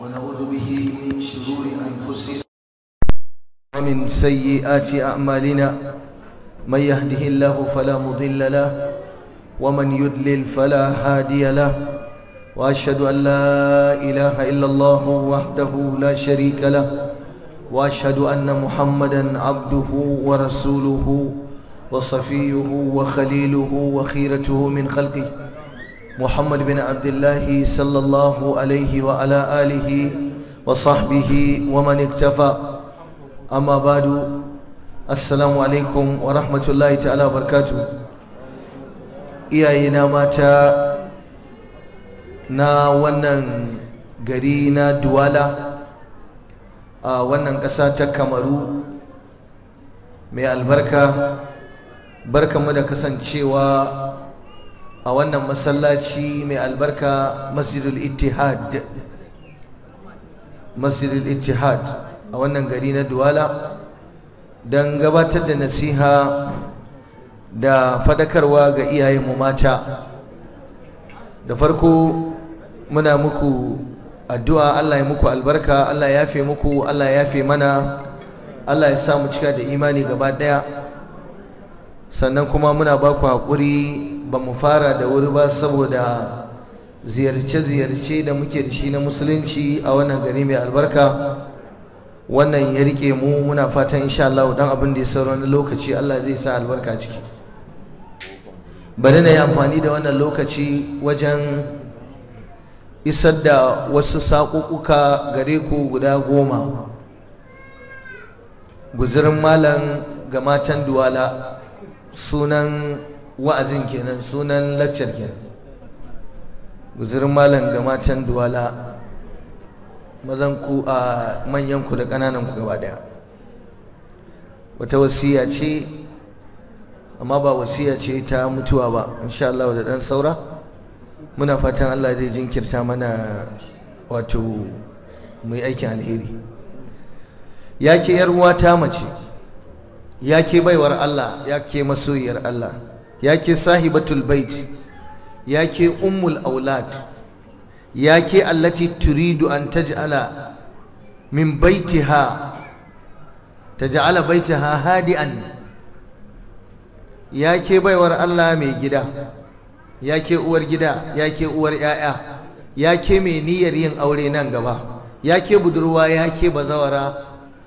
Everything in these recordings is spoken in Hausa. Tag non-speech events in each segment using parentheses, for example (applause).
ونعوذ به من شرور أنفسنا ومن سيئات أعمالنا من يهده الله فلا مضل له ومن يدلل فلا هادي له وأشهد أن لا إله إلا الله وحده لا شريك له وأشهد أن محمدا عبده ورسوله وصفيه وخليله وخيرته من خلقه محمد بن عبد الله صلى الله عليه وعلى آله وصحبه ومن اكتفى أما بعد السلام عليكم ورحمة الله تعالى وبركاته iyayena mata na wannan gari na duwala a wannan ƙasa ta kamaru mai albarka barkanmu da kasancewa a wannan masallaci mai albarka masjidul ittihad masjidul ittihad a wannan gari na duwala don gabatar da nasiha da fadakarwa ga iyayenmu mata da farko muna muku addu'a Allah ya muku albarka Allah ya yafe muku Allah ya yafe mana Allah ya samu cika da imani gaba daya sannan kuma muna baku ku haƙuri ba mu fara da wuri ba saboda ziyarce-ziyarce da muke da shi na musulunci a wannan gari mai albarka wannan ya rike mu muna fatan insha Allah dan abin da ya sauran lokaci Allah zai sa albarka ciki bari na yi amfani da wannan lokaci wajen isar da wasu saƙuƙuka gare ku guda goma guzirin malam ga matan duwala sunan wa'azin kenan sunan lakcar kenan guzirin malam ga matan duwala mazan a manyan ku da ƙananan ku gaba daya wata wasiya ce amma ba wasiya ce ta mutuwa ba insha Allah da dan saura muna fatan Allah zai jinkirta mana wato mai aikin alheri ya ke yar uwa ta mace ya ke baiwar Allah ya ke masoyiyar Allah yake sahibatul bait yake ke ummul aulad ya ke allati turidu an taj'ala min baitiha taj'ala baitaha hadi'an ya baiwar Allah mai gida yake uwar gida yake uwar 'ya'ya yake mai niyyar yin aure nan gaba yake budurwa yake bazawara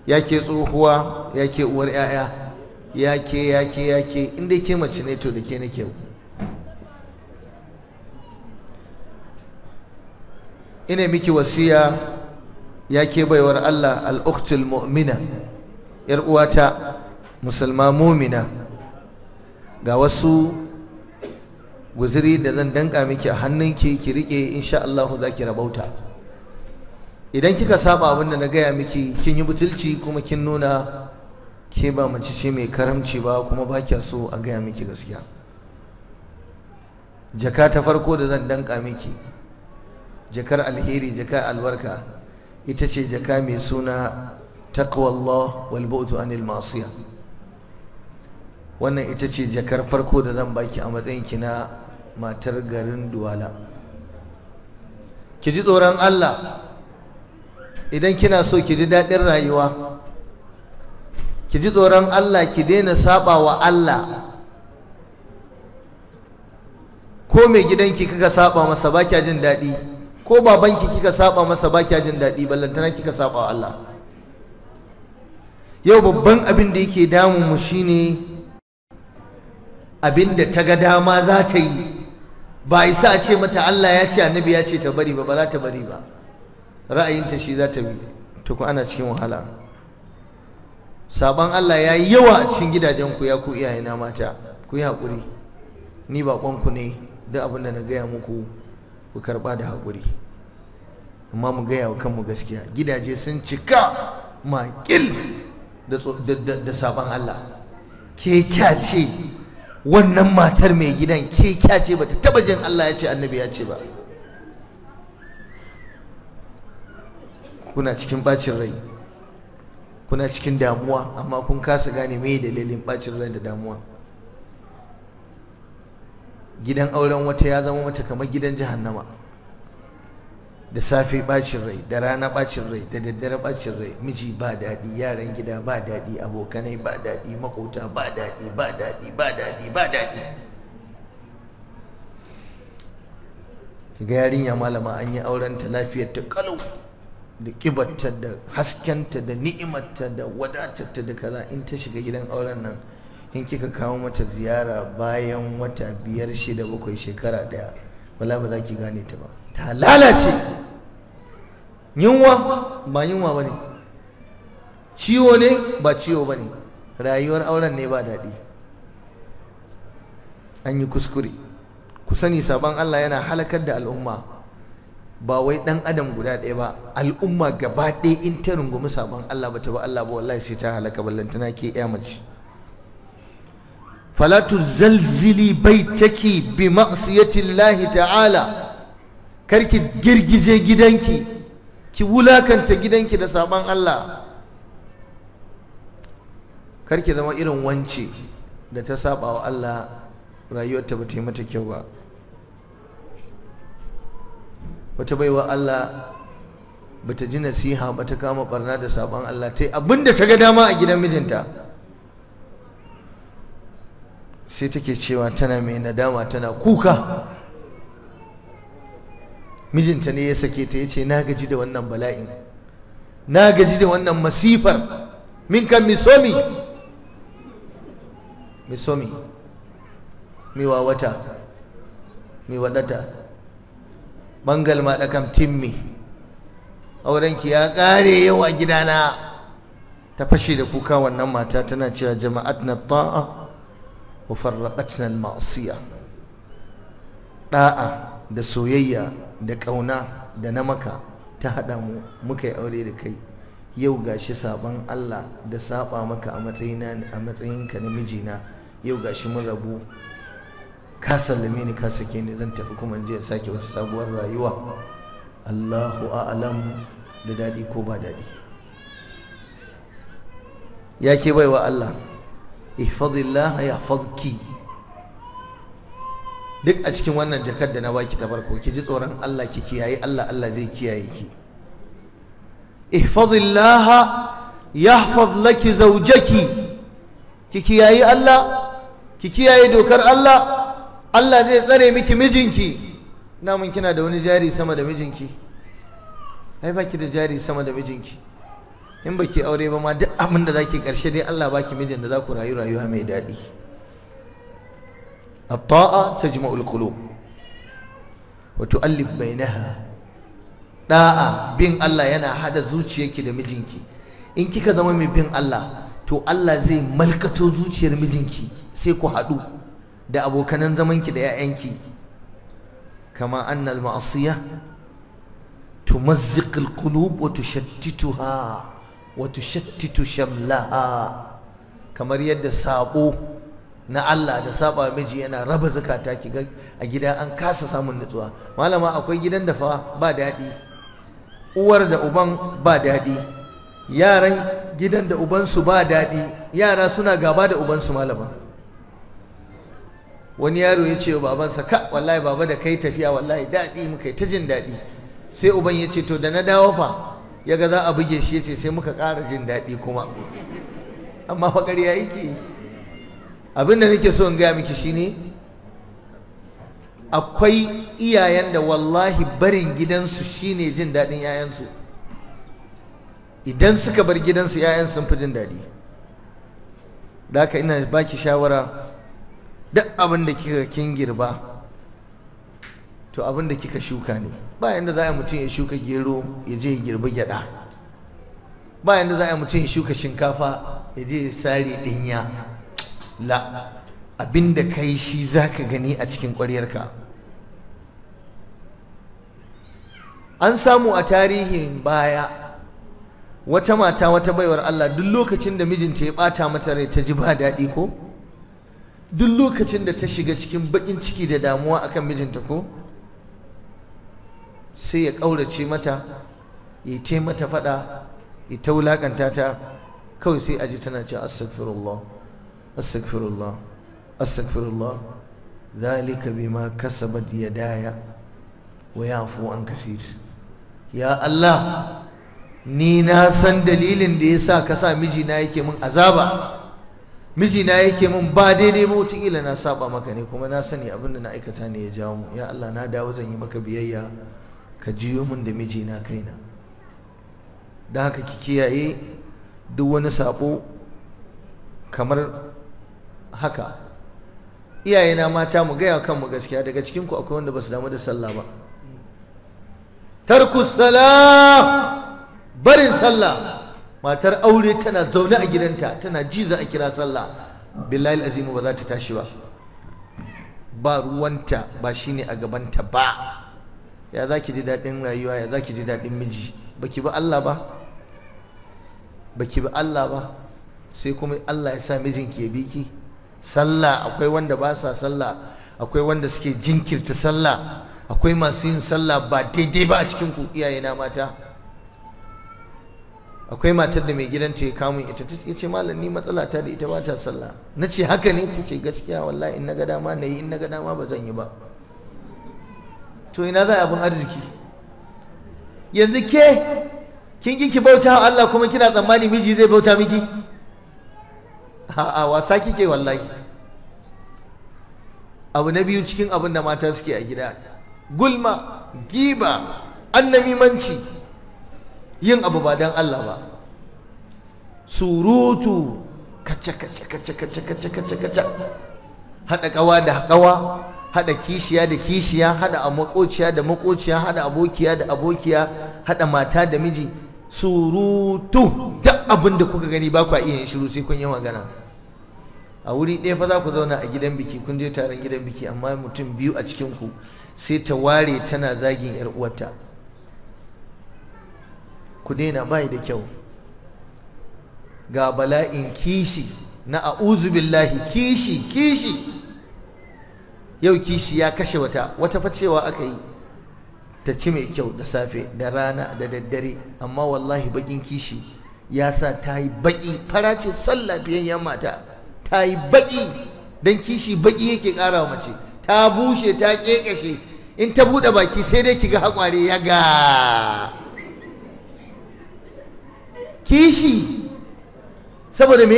yake tsohuwa yake uwar 'ya'ya Yake yake yake ke ya ke inda ke mace ne to da ke nake kyau. ina miki wasiya ya ke baiwar Allah al mu'mina yar uwata musulma mumina ga wasu guziri da zan danka miki a hannunki ki rike insha Allah za ki rabauta idan kika saba abin da na gaya miki kin yi butulci kuma kin nuna ke ba mace ce mai karamci ba kuma ba kya so a gaya miki gaskiya jaka ta farko da zan danka miki jakar alheri jaka albarka ita ce jaka mai suna taqwallah wal bu'du anil masiya wannan ita ce jakar farko da zan baki a matsayin ki na matar garin Duwala ki ji tsoron Allah idan kina so ki ji daɗin rayuwa ki ji tsoron Allah ki daina saba wa Allah ko mai gidanki kika saba masa ba kya jin daɗi ko babanki kika saba masa ba kya jin daɗi ballantana kika saba wa Allah yau babban abin da yake damun mu shine abin da ta ga dama za ta yi ba isa a ce mata Allah ya ce annabi ya ce ta bari ba ba za ta bari ba ra'ayinta shi za ta bi to ana cikin wahala Sabon Allah ya yi yawa a cikin gidajenku ya ku iyayena mata ku yi haƙuri ni baƙonku ne duk abin da na gaya muku ku karɓa da haƙuri amma mu gaya wa kanmu gaskiya gidaje sun cika maƙil da saban Allah ke ce wannan matar mai gidan ke ce ba ta taɓa jin Allah ya ce annabi ya ce ba kuna cikin bacin rai kuna cikin damuwa amma kun kasa gane mai dalilin bacin rai da damuwa gidan auren wata ya zama mata kamar gidan jahannama da safe bacin rai da rana bacin rai da daddare bacin rai miji ba daɗi yaran gida ba daɗi abokanai ba daɗi makota ba daɗi ba daɗi ba daɗi ba daɗi ga yarinya malama an yi auren ta lafiyar ta kalau da kibarta da haskenta da ni'imarta da wadatarta da kaza in ta shiga gidan auren nan in kika kawo mata ziyara bayan wata biyar shida bakwai shekara daya wala ba za ki gane ta ba ta lalace yunwa ba yunwa ba ne ciwo ne ba ciwo ba ne rayuwar auren ne ba daɗi an yi kuskure ku sani sabon Allah yana halakar da al'umma ba wai dan adam guda ɗaya ba al'umma gaba ɗaya in ta rungumi sabon Allah ba ta ba Allah ba wallahi sai ta halaka ballantana ke ƴa mace falatu zalzili baitaki bi ma'siyatillahi ta'ala karki girgije gidanki ki wulakanta gidanki da sabon Allah karki zama irin wance da ta saba wa Allah rayuwarta ba ta yi mata kyau ba wata baiwa Allah bata ji nasiha ba ta kama barna da sabon Allah ta yi abinda ta ga dama a gidan mijinta sai take cewa tana mai nadama tana kuka mijinta ne ya sake ta ya ce na gaji da wannan bala'in na gaji da wannan masifar min kan misomi misomi mi wadata. bangal da kam timmi aurenki ya kare yau a gidana ta fashe da kuka wannan mata tana cewa jama'at na ta'a wa farraqatna al-ma'siya Da'a, da soyayya da ƙauna da namaka ta haɗa mu muka yi aure da kai yau gashi saban Allah da saba maka a matsayinka na mijina yau gashi mun rabu ka sallame ni ka sake ni zan tafi kuma je sake wata sabuwar rayuwa Allahu a'lam da daɗi ko ba daɗi ya ke baiwa Allah ihfazillah yahfazki duk a cikin wannan jakar da na baki ta farko ki ji tsoron Allah ki kiyaye Allah Allah zai kiyaye ki ihfazillah yahfaz laki zawjaki ki kiyaye Allah ki kiyaye dokar Allah Allah zai tsare miki mijinki mun kina da wani jari sama da mijinki ai ki da jari sama da mijinki in baki aure ba ma duk abin da zaki karshe dai Allah baki mijin da za ku rayu rayuwa mai daɗi الطاعة تجمع القلوب وتؤلف بينها da'a bin Allah yana hada zuciyarki da mijinki in kika zama mai bin Allah to Allah zai malkato zuciyar mijinki sai ku haɗu da abokanan zamanki da 'ya'yanki kama al-qulub wa tushattituha wa tushattitu shamlaha kamar yadda sabo na Allah da saba miji yana raba zakata ki ga a gida an kasa samun nutsuwa malama akwai gidan da fa ba daɗi uwar da uban ba daɗi yaran gidan da ubansu ba daɗi yara suna gaba da ubansu malama wani yaro ya ce wa babansa ka wallahi baba da kai tafiya wallahi daɗi muka yi ta jin daɗi sai uban ya ce to da na dawo fa ya ga za a buge shi ya ce sai muka ƙara jin daɗi kuma amma fa ƙarya yake abin da nake so in gaya miki ne akwai iyayen da wallahi barin gidansu shi ne jin daɗin 'ya'yansu idan suka bar gidansu 'ya'yan sun fi jin daɗi da haka ina baki shawara duk abin da kika kin girba to abin da kika shuka ne ba yanda za a mutum ya shuka gero ya je ya girbi gyada ba yanda za a mutum ya shuka shinkafa ya je ya sare dinya la abin da kai shi zaka gani a cikin ƙwaryarka an samu a tarihin baya wata mata wata baiwar Allah duk lokacin da mijinta ya bata mata rai ta ji ba daɗi ko duk lokacin da ta shiga cikin baƙin ciki da damuwa akan mijinta ko sai ya ƙaurace mata ya yi mata faɗa ya ta wulaƙanta ta kawai sai a ji tana cewa, astaghfirullah astaghfirullah astaghfirullah zalika bima kasabat yadaya wa yafu an kasir ya Allah ni na san dalilin da yasa ka sa mijina yake min azaba mijina yake mun ba daidai ba wataƙila na saba maka ne kuma na sani abin da na aikata ne ya jawo mu ya Allah na dawo zan yi maka biyayya ka jiyo mun da mijina kaina da haka ki kiyaye duk wani sako kamar haka iyayena mata mu gaya kanmu gaskiya daga cikin ku akwai wanda ba su damu da sallah ba tarku sallah barin sallah matar aure tana zaune a gidanta tana ji za a kira sallah billahi azimu ba za ta tashi ba ba ruwanta ba shine a gabanta ba ya za ki ji daɗin rayuwa ya za ki ji daɗin miji Ba ki bi Allah ba Ba ki bi Allah ba sai kuma Allah ya sa mijinki ya ki? sallah akwai wanda ba sa sallah akwai wanda suke jinkirta sallah akwai masu yin sallah ba daidai ba a cikin ku iyayena mata akwai matar da mai gidanta ya kamun ita ta ce malam ni matsala ta da ita ba ta sallah na ce haka ne ta ce gaskiya wallahi in na ga dama na yi in na ga dama ba zan yi ba to ina za a abin arziki yanzu ke kin ki bauta wa Allah kuma kina tsammani miji zai bauta miki a'a wasa kike wallahi abu na biyu cikin abin da mata suke a gida gulma giba annamimanci yin abu ba don Allah ba surutu kace kace kace kace kace kace kace hada kawa da kawa hada kishiya da kishiya hada da makociya hada abokiya da abokiya hada mata da miji surutu duk abin da kuka gani ba kwa iya shiru sai kun yi magana a wuri ɗaya fa za ku zauna a gidan biki kun je taron gidan biki amma mutum biyu a cikin ku sai ta ware tana zagin yar uwarta ku daina bai da kyau ga bala'in kishi na a'uzu billahi kishi kishi yau kishi ya kashe wata wata facewa aka yi ta ci mai kyau da safe da rana da daddare amma wallahi bakin kishi ya sa ta yi baki fara ce yan mata ta yi baki don kishi baki yake ƙara wa mace ta bushe ta kekashe in ta buɗe baki sai dai kiga haƙware ya ga kishi saboda me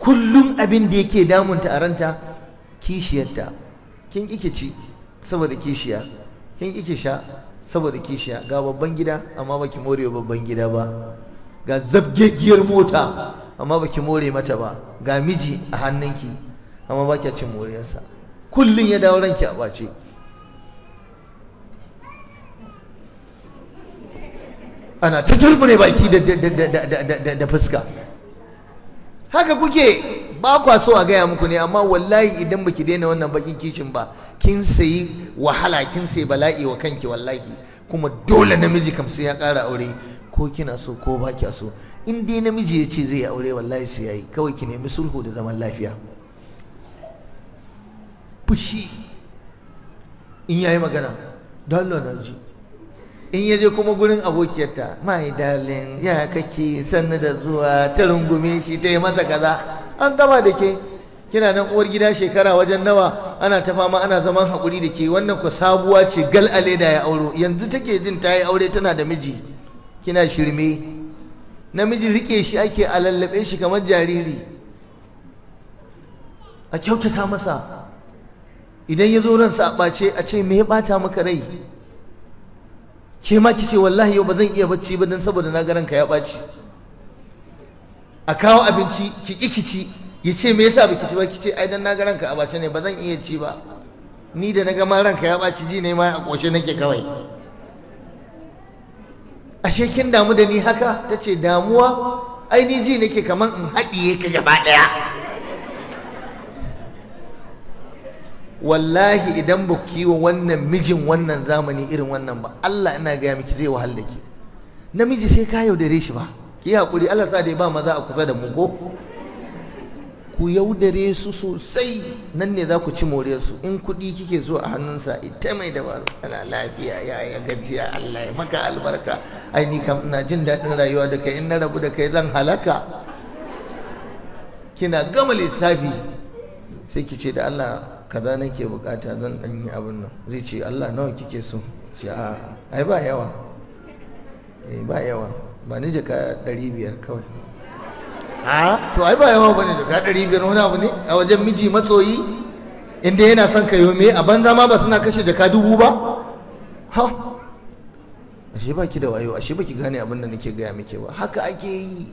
kullum abin da yake damunta a ranta kishiyarta kin kike ci saboda kishiya kin kike sha saboda kishiya ga babban gida amma baki more babban gida ba ga zabgegiyar mota amma baki more mata ba ga miji a hannunki amma baki cin moriyarsa kullum ya dawo ranki a bace ana ta turbune baki da fuska haka kuke ba kwa so a gaya muku ne amma wallahi idan baki daina wannan bakin kishin ba kin sayi wahala kin sayi bala'i wa kanki wallahi kuma dole namiji kam sai ya ƙara aure ko kina so ko ba kya so in dai namiji ya ce zai aure wallahi sai yayi kawai ki nemi sulhu da zaman lafiya fushi in yayi magana dan ji in ya je kuma gurin abokiyarta my darling ya kake sanna da zuwa ta rungume shi ta yi masa kaza an gaba da ke kina nan uwar gida shekara wajen nawa ana ta fama ana zaman hakuri da ke wannan ku sabuwa ce gal aleda ya auro yanzu take jin ta yi aure tana da miji kina shirme namiji rike shi ake a shi kamar jariri a kyautata masa idan ya zo ransa a ɓace a ce me ya ɓata maka rai ke ma kice wallahi yau ba zan iya bacci ba dan saboda na garanka ya baci a kawo abinci ki ki kici ya ce me yasa baki ci ba kice ai dan na garanka a bace ne ba zan iya ci ba ni da na ga ma ranka ya baci ji ne ma a koshe nake kawai ashe kin damu da ni haka tace damuwa ai ni ji nake kaman in haɗiye ka gaba ɗaya wallahi idan ba yi wa wannan mijin wannan zamani irin wannan ba Allah ina gaya miki zai wahal da ke namiji sai ka yaudare shi ba ki hakuri Allah sa dai ba maza a kusa da mu ko ku yaudare su sosai nan ne za ku ci more su in kuɗi kike so a hannun sa ita mai dabaru ana lafiya ya ya gajiya Allah ya maka albarka ai ni kam ina jin daɗin rayuwa da kai in na rabu da kai zan halaka kina gama lissafi sai ki da Allah kaza nake bukata zan dan yi abin nan zai ce Allah nawa kike so ce a ai ba yawa eh ba yawa ba ni jaka 500 kawai a to ai ba yawa bane jaka 500 wani abu ne a wajen miji matsoyi inda yana son ka me a banza ma ba suna kashe jaka dubu ba ha ashe baki da wayo ashe baki gane abin da nake gaya miki ba haka ake yi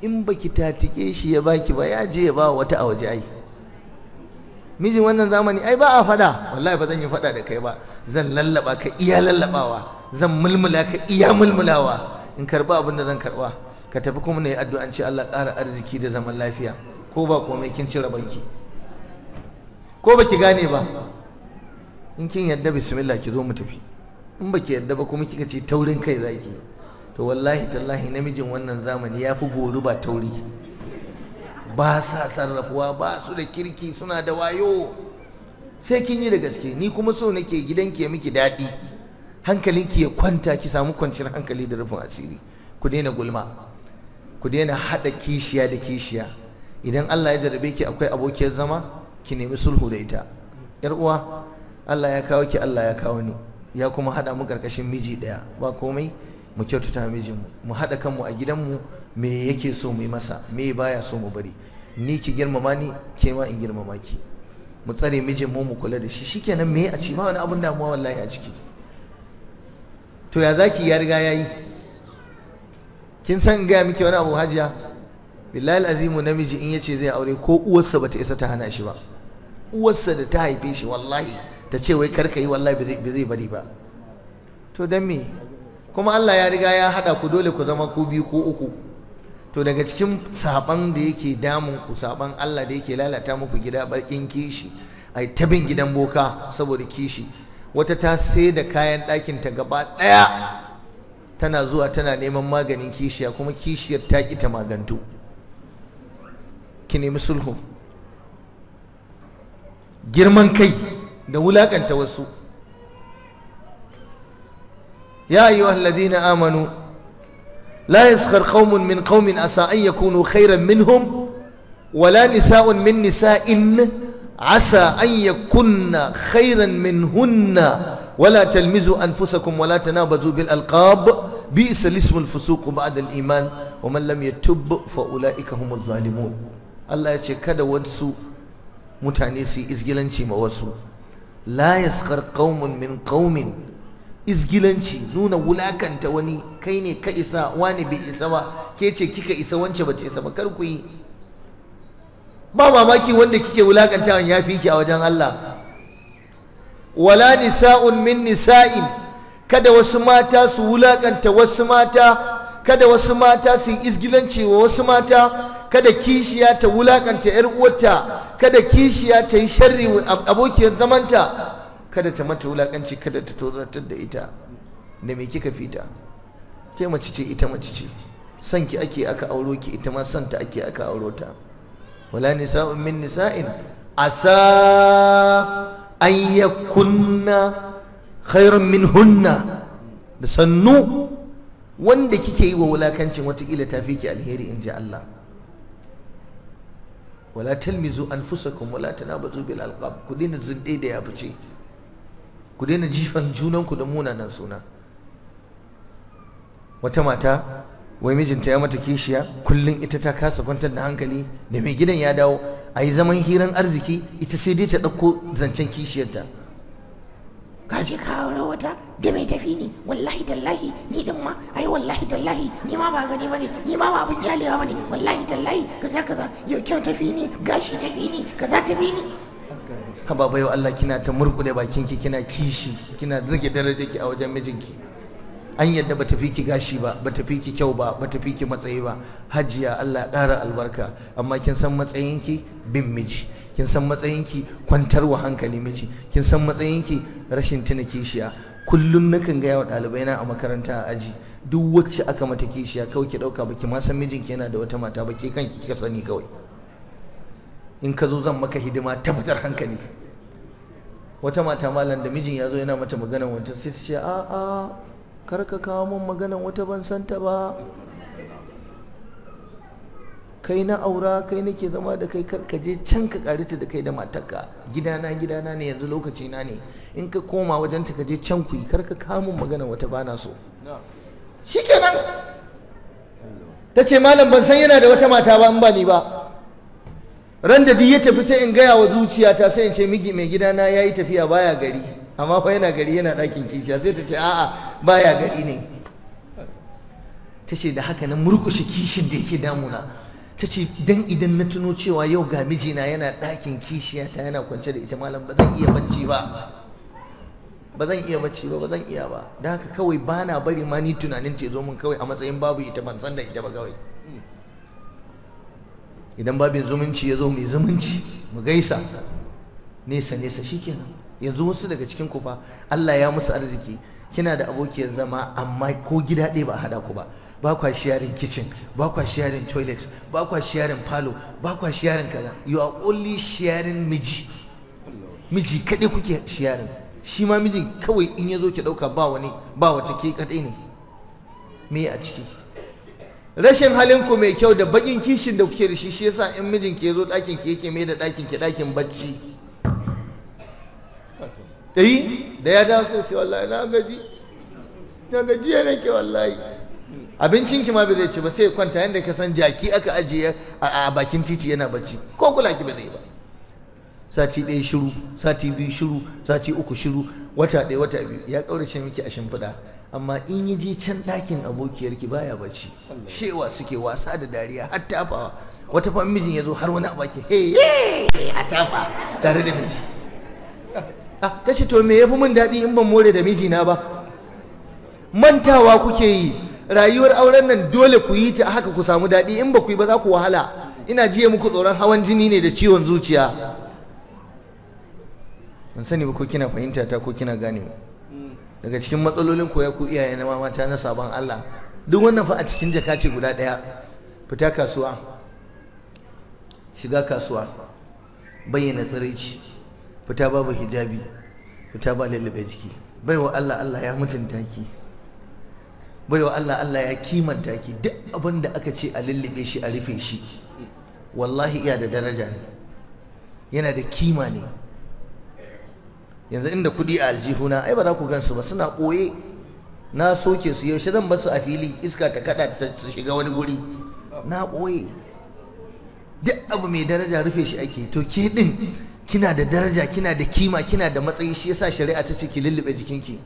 in baki tatike shi ya baki ba ya je ya ba wata a waje ai mijin wannan zamani ai ba a fada wallahi ba zan yi fada da kai ba zan lallaba ka iya lallabawa zan mulmula ka iya mulmulawa in karba abin da zan karba ka tafi kuma ne addu'an ce Allah ƙara arziki da zaman lafiya ko ba komai kin cire banki ko ba ki gane ba in kin yadda bismillah ki zo mu tafi in ba ki yadda ba kuma kika ce taurin kai zaki to wallahi tallahi namijin wannan zamani ya fi gori ba tauri ba sa sarrafuwa ba su da kirki suna da wayo sai kin yi da gaske ni kuma so nake gidanki ya miki daɗi hankalinki ya kwanta ki samu kwanciyar hankali da rufin asiri ku daina gulma ku daina haɗa kishiya da kishiya idan Allah ya jarabe ki akwai abokiyar zama ki nemi sulhu da ita yar uwa Allah ya kawo ki Allah ya kawo ni ya kuma haɗa mu ƙarƙashin miji ɗaya ba komai mu kyautata mijinmu mu haɗa kanmu a gidanmu me yake so mu yi masa me baya so mu bari ni ki girmama ni ke ma in girmama ki mu tsare mijin mu mu kula da shi shikenan me a ci ba wani abun damuwa wallahi a ciki to ya zaki ya riga yayi kin san gaya miki wani abu hajiya billahi azimu namiji in yace zai aure ko uwarsa bata isa ta hana shi ba uwarsa da ta haife shi wallahi ta ce wai karka yi wallahi ba zai bari ba to dan me kuma Allah ya riga ya hada ku dole ku zama ku biyu ko uku to daga cikin saban da yake damun ku saɓan Allah da yake lalata muku gida barkin kishi ai tabin gidan boka saboda kishi wata ta sai da kayan ɗakin ta gaba ɗaya tana zuwa tana neman maganin kishiya kuma kishiyar ta ƙi ta magantu ki nemi sulhu girman kai da wulaƙanta wasu ya yi wa amanu لا يسخر قوم من قوم عسى أن يكونوا خيرا منهم ولا نساء من نساء عسى أن يكن خيرا منهن ولا تلمزوا أنفسكم ولا تنابزوا بالألقاب بئس الاسم الفسوق بعد الإيمان ومن لم يتب فأولئك هم الظالمون الله يتشي كذا ونسو متانيسي إزجلنشي موسو لا يسخر قوم من قوم izgilanci nuna wulakanta wani kai ne ka isa wani bai isa ba ke ce kika isa wance bace isa ba kar ku yi ba mamaki wanda kike wulakantawa ya fi ki a wajen Allah wala nisa'un min nisa'in kada wasu mata su wulakanta wasu mata kada wasu mata su yi izgilanci wa wasu mata kada kishiya ta wulakanta yar uwarta kada kishiya ta yi sharri abokiyar zamanta kada ta mata wulakanci kada ta tozartar da ita da me kika fita ke mace ce ita mace ce san ki ake aka auro ki ita ma san ta ake aka auro ta wala nisa'un min nisa'in asa an yakunna khairun min hunna da sannu wanda kike yi wa wulakancin watakila ta fi ki alheri in ji Allah wala talmizu anfusakum wala tanabazu bil alqab kuɗi dina zinde da ya fice ku daina jifan junanku da munanan suna wata mata wai mijinta ya mata kishiya kullum ita ta kasa kwantar da hankali da mai gidan ya dawo a yi zaman hiran arziki ita sai dai ta ɗauko zancen kishiyarta ka je ka aure wata da mai tafi ne wallahi tallahi ni din ma ai wallahi tallahi ni ma ba gani bane ni ma ba abin jalewa bane wallahi tallahi kaza kaza yau kyau tafi ni gashi tafi ni kaza tafi ni haba bayo Allah kina ta murkure ki kina kishi kina rage darajarki a wajen mijinki an yadda ba tafi ki gashi ba ba tafi ki kyau ba ba tafi ki matsayi ba hajiya Allah ƙara albarka amma kin san matsayinki bin miji kin san matsayinki kwantarwa hankali miji kin san ki rashin tuna kishiya kullum nakan gaya wa ɗalibai na a makaranta a aji duk wacce aka mata kishiya kawai ki ɗauka ba ki ma san mijinki yana da wata mata ba ke kanki kika sani kawai in ka zo zan maka hidima ta fitar hankali wata mata malam da mijin ya zo yana mata magana wancan sai ta ce a'a kar ka kawo min magana wata ban san ta ba kai na aura kai nake zama da kai ka je can ka karita da kai da matarka gidana gidana ne yanzu lokaci na ne in ka koma wajen ta ka je can ku kar ka kawo min magana wata bana so shikenan ta ce malam ban san yana da wata mata ba in ba ni ba ran da duk ya tafi sai in gaya wa zuciyata sai in ce miki mai gidana ya yi tafiya baya gari amma fa yana gari yana ɗakin kishiya sai ta ce a'a baya gari ne ta ce da haka na murƙushe kishin da yake damuna ta ce dan idan na tuno cewa yau ga mijina yana ɗakin kishiya ta yana kwance da ita malam ba zan iya bacci ba ba zan iya bacci ba ba zan iya ba da haka kawai bana bari ma ni tunanin ce zo min kawai a matsayin babu ita ban san da ita ba kawai idan babin zumunci ya zo mai zumunci mu gaisa nesa nesa shi kenan, yanzu wasu daga cikin ku fa Allah ya musu arziki kina da abokiyar zama amma ko gida ɗaya ba haɗa ku ba ba kwa sharing kitchen ba kwa sharing toilet ba kwa sharing palo ba kwa sharing kaza you are only sharing miji miji kaɗai kuke sharing shi ma mijin kawai in ya zo ki ɗauka ba wani ba wata ke kaɗai ne me a ciki rashin halinku mai kyau da bakin kishin da kuke da shi shi yasa in mijin ke zo ɗakin ki yake mai da ɗakin ki ɗakin bacci eh da ya dawo sai sai wallahi na gaji na gaji ya nake wallahi abincin ki ma bai zai ci ba sai kwanta yanda ka san jaki aka ajiye a bakin titi yana bacci ko kula ki ba zai ba sati ɗaya shiru sati biyu shiru sati uku shiru wata ɗaya wata biyu ya ƙaurace miki a shimfiɗa amma in yi je can ɗakin abokiyarki baya bacci shewa suke wasa da dariya har tafawa wata fa mijin ya zo har wani abaki a tafa tare da miji ah, ta ce to me ya fi min daɗi in ban more da mijina ba mantawa kuke yi rayuwar auren nan dole ku yi ta haka ku samu daɗi in ba ku yi ba za ku wahala ina jiya muku tsoron hawan jini ne da ciwon zuciya ban sani ba ko kina fahimta ta ko kina ganewa daga cikin matsalolin koya ku iyaye na mamata na sabon Allah duk wannan fa a cikin jaka ce guda ɗaya fita kasuwa shiga kasuwa bayyana tsiraici fita babu hijabi fita ba lullube jiki baiwa Allah Allah ya mutunta ki baiwa Allah Allah ya kimanta ki duk abin da aka ce a lullube shi a rufe shi wallahi iya da daraja ne yana da kima ne yanzu inda kuɗi a aljihuna ai ba za ku gansu ba suna ɓoye na soke su yaushe zan basu a fili iska ta kaɗa ta shiga wani guri na ɓoye duk abu mai daraja rufe shi ake to ke kina da daraja kina da kima kina da matsayi shi yasa shari'a ta ce ki lullube jikinki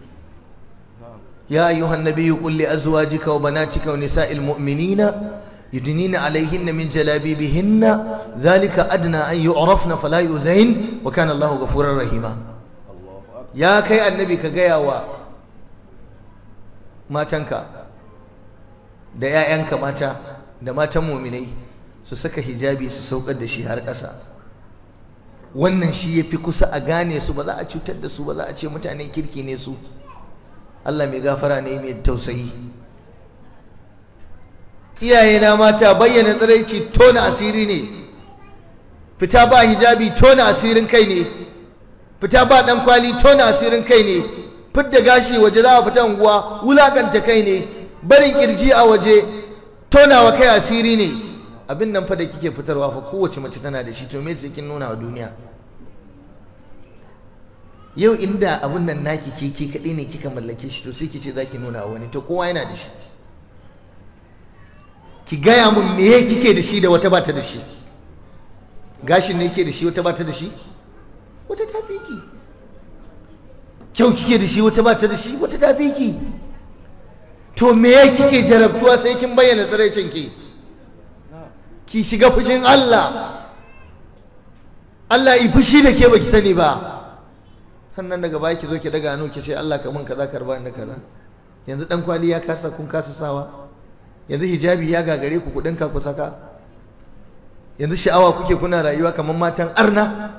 يا أيها النبي قل لأزواجك وبناتك ونساء المؤمنين يدنين عليهن من جلابيبهن ذلك أدنى أن يعرفن فلا يؤذين وكان الله غفورا رحيما ya kai annabi ka gaya wa matanka da 'ya'yanka mata da matan muminai su saka hijabi su saukar da shi har ƙasa wannan shi ya fi kusa a gane su ba za a cutar da su ba za a ce mutanen kirki ne su Allah mai gafara ne mai tausayi iyayena mata bayyana tsiraici tona asiri ne fita ba hijabi tona asirin kai ne fita ba dan kwali tona asirin kai ne fidda gashi waje za a fita unguwa wulakanta kai ne barin kirji a waje tonawa kai asiri ne abin nan fa da kike fitarwa fa kowace mace tana da shi to me kin nuna wa duniya yau inda abun nan naki ke ke kadai ne kika mallake shi to sai kice zaki nuna wa wani to kowa yana da shi ki gaya mun me kike da shi da wata bata da shi gashin ne yake da shi wata bata da shi kyau kike da shi wata bata da shi wata ta ki to me kike jarabtuwa sai kin bayyana tsaraicin ki ki shiga fushin Allah Allah yi fushi da ke baki sani ba sannan daga baya ki zo ki daga hannu ki ce Allah ka mun kaza karba ni kaza yanzu dan kwali ya kasa kun kasa sawa yanzu hijabi ya gagare ku kudin ka ku saka yanzu sha'awa kuke kuna rayuwa kamar matan arna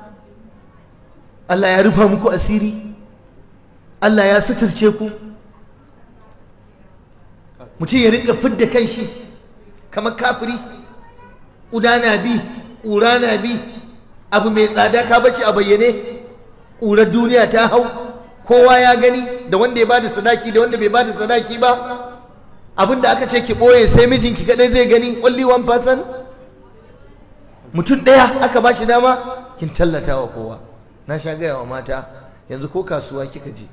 Allah ya rufa muku asiri Allah ya suturce ku mutum ya rinka fidda kanshi kamar kafiri ƙuda bi ƙura bi abu mai tsada ka bashi a bayyane ƙurar duniya ta hau kowa ya gani da wanda ya bada sadaki da wanda bai bada sadaki ba abinda aka ce ki ɓoye sai mijinki kadai zai gani only one person mutum ɗaya aka bashi shi dama kin tallata wa kowa na sha gaya wa mata yanzu ko kasuwa kika je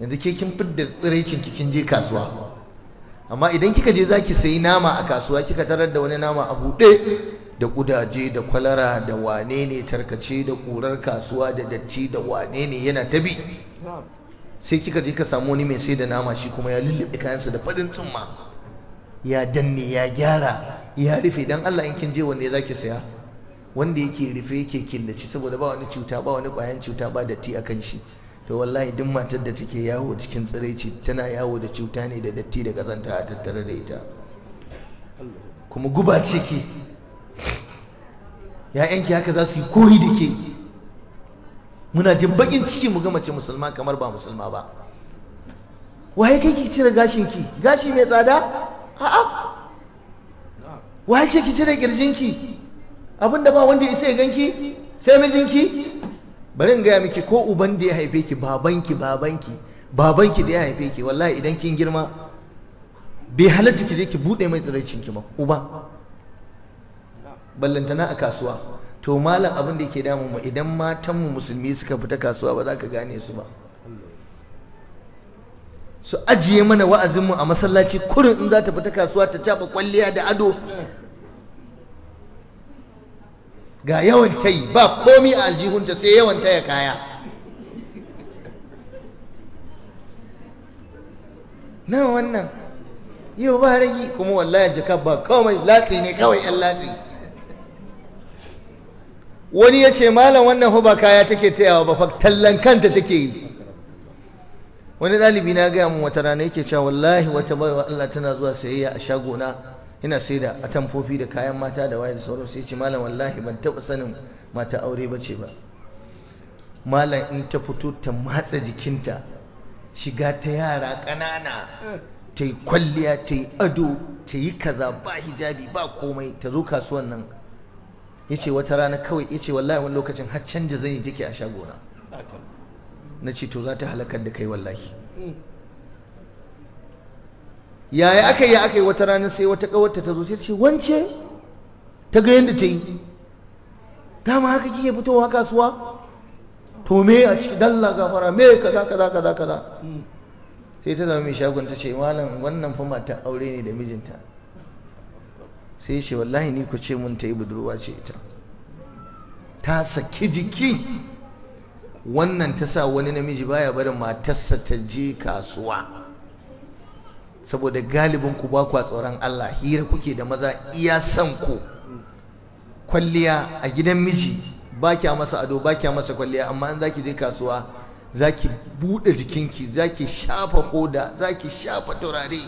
yanzu ke kin fidda tsiraicin kin je kasuwa amma idan kika je zaki sayi nama a kasuwa kika tarar da wani nama a buɗe da kudaje da kwalara da wane ne tarkace da ƙurar kasuwa da datti da wane ne yana ta bi sai kika je ka samu wani mai sai da nama shi kuma ya lullube kayansa da faɗin tsumma ya danne ya gyara ya rufe dan Allah in kin je wanne zaki saya wanda yake rufe yake killace saboda ba wani cuta ba wani ƙwayan cuta ba datti akan shi to wallahi duk matar da take yawo cikin tsiraici tana yawo da cuta ne da datti da kazanta a tattare da ita kuma guba ce ke ‘ya'yanki haka za su yi koyi da ke muna jin bakin ciki mu ga mace musulma kamar ba musulma ba waye kake cire gashin ki gashi mai tsada a'a waye ce ki cire kirjinki abinda ba wanda ya sai ganki sai mijinki bari in gaya miki ko uban da ya haife ki babanki babanki babanki da ya haife ki wallahi idan kin girma bai halatta ki je ki bude mai tsiraicin ki ba uba ballantana a kasuwa to malam abin da yake damun mu idan matan mu musulmi suka fita kasuwa ba za ka gane su ba su ajiye mana wa'azin mu a masallaci kurin in za ta fita kasuwa ta caba kwalliya da ado ga yawan ta yi ba komi a aljihunta sai yawan taya kaya na wannan yau ba ragi kuma wallahi jaka ba komai latsi ne kawai yan latsi wani ya ce malam wannan fa ba kaya take tayawa ba fa tallan kanta take yi wani ɗalibi na gaya min wata rana yake cewa wallahi wata baiwa Allah tana zuwa sayayya a shagona ina sai da atamfofi da kayan mata da waye da sauran sai ce malam wallahi ban taɓa sanin mata aure ba ce ba malam in ta fito ta matsa jikinta shiga ta yara ƙanana ta yi kwalliya ta yi ado ta yi kaza ba hijabi ba komai ta zo kasuwan nan ya ce wata rana kawai ya ce wallahi wani lokacin har canja zan yi take a shagona na ce to za ta halakar da kai wallahi hmm. yaya aka yi aka yi wata rana sai wata ƙawarta ta zo sai ta ce wance ta ga yadda ta yi dama haka kike fitowa kasuwa to me a ciki dalla gafara me kaza kaza kaza kaza sai ta zama mai shagon ta ce malam wannan fa ta aure ne da mijinta sai shi wallahi ni ku ce mun ta yi budurwa ce ita ta saki jiki wannan ta sa wani namiji baya barin matarsa ta je kasuwa saboda galibin ku ba kwa tsoron Allah hira kuke da maza iya san ku kwalliya a gidan miji ba kya masa ado ba kya masa kwalliya amma in zaki je kasuwa zaki bude jikinki zaki shafa hoda zaki shafa turare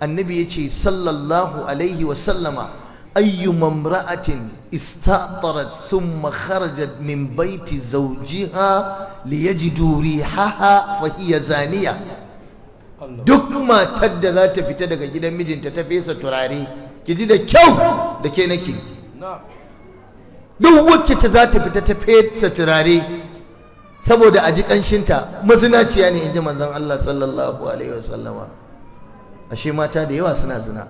annabi yace sallallahu alaihi wa sallama ayyu mamra'atin istatarat thumma kharajat min baiti zawjiha liyajidu rihaha fa hiya zaniya duk matar da za ta fita daga gidan mijinta ta fesa turare ki ji da kyau da ke nake duk wacce ta za ta fita ta fesa turare saboda a ji ƙanshinta mazinaciya ne in ji manzon Allah sallallahu alaihi wasallama ashe mata da yawa suna zina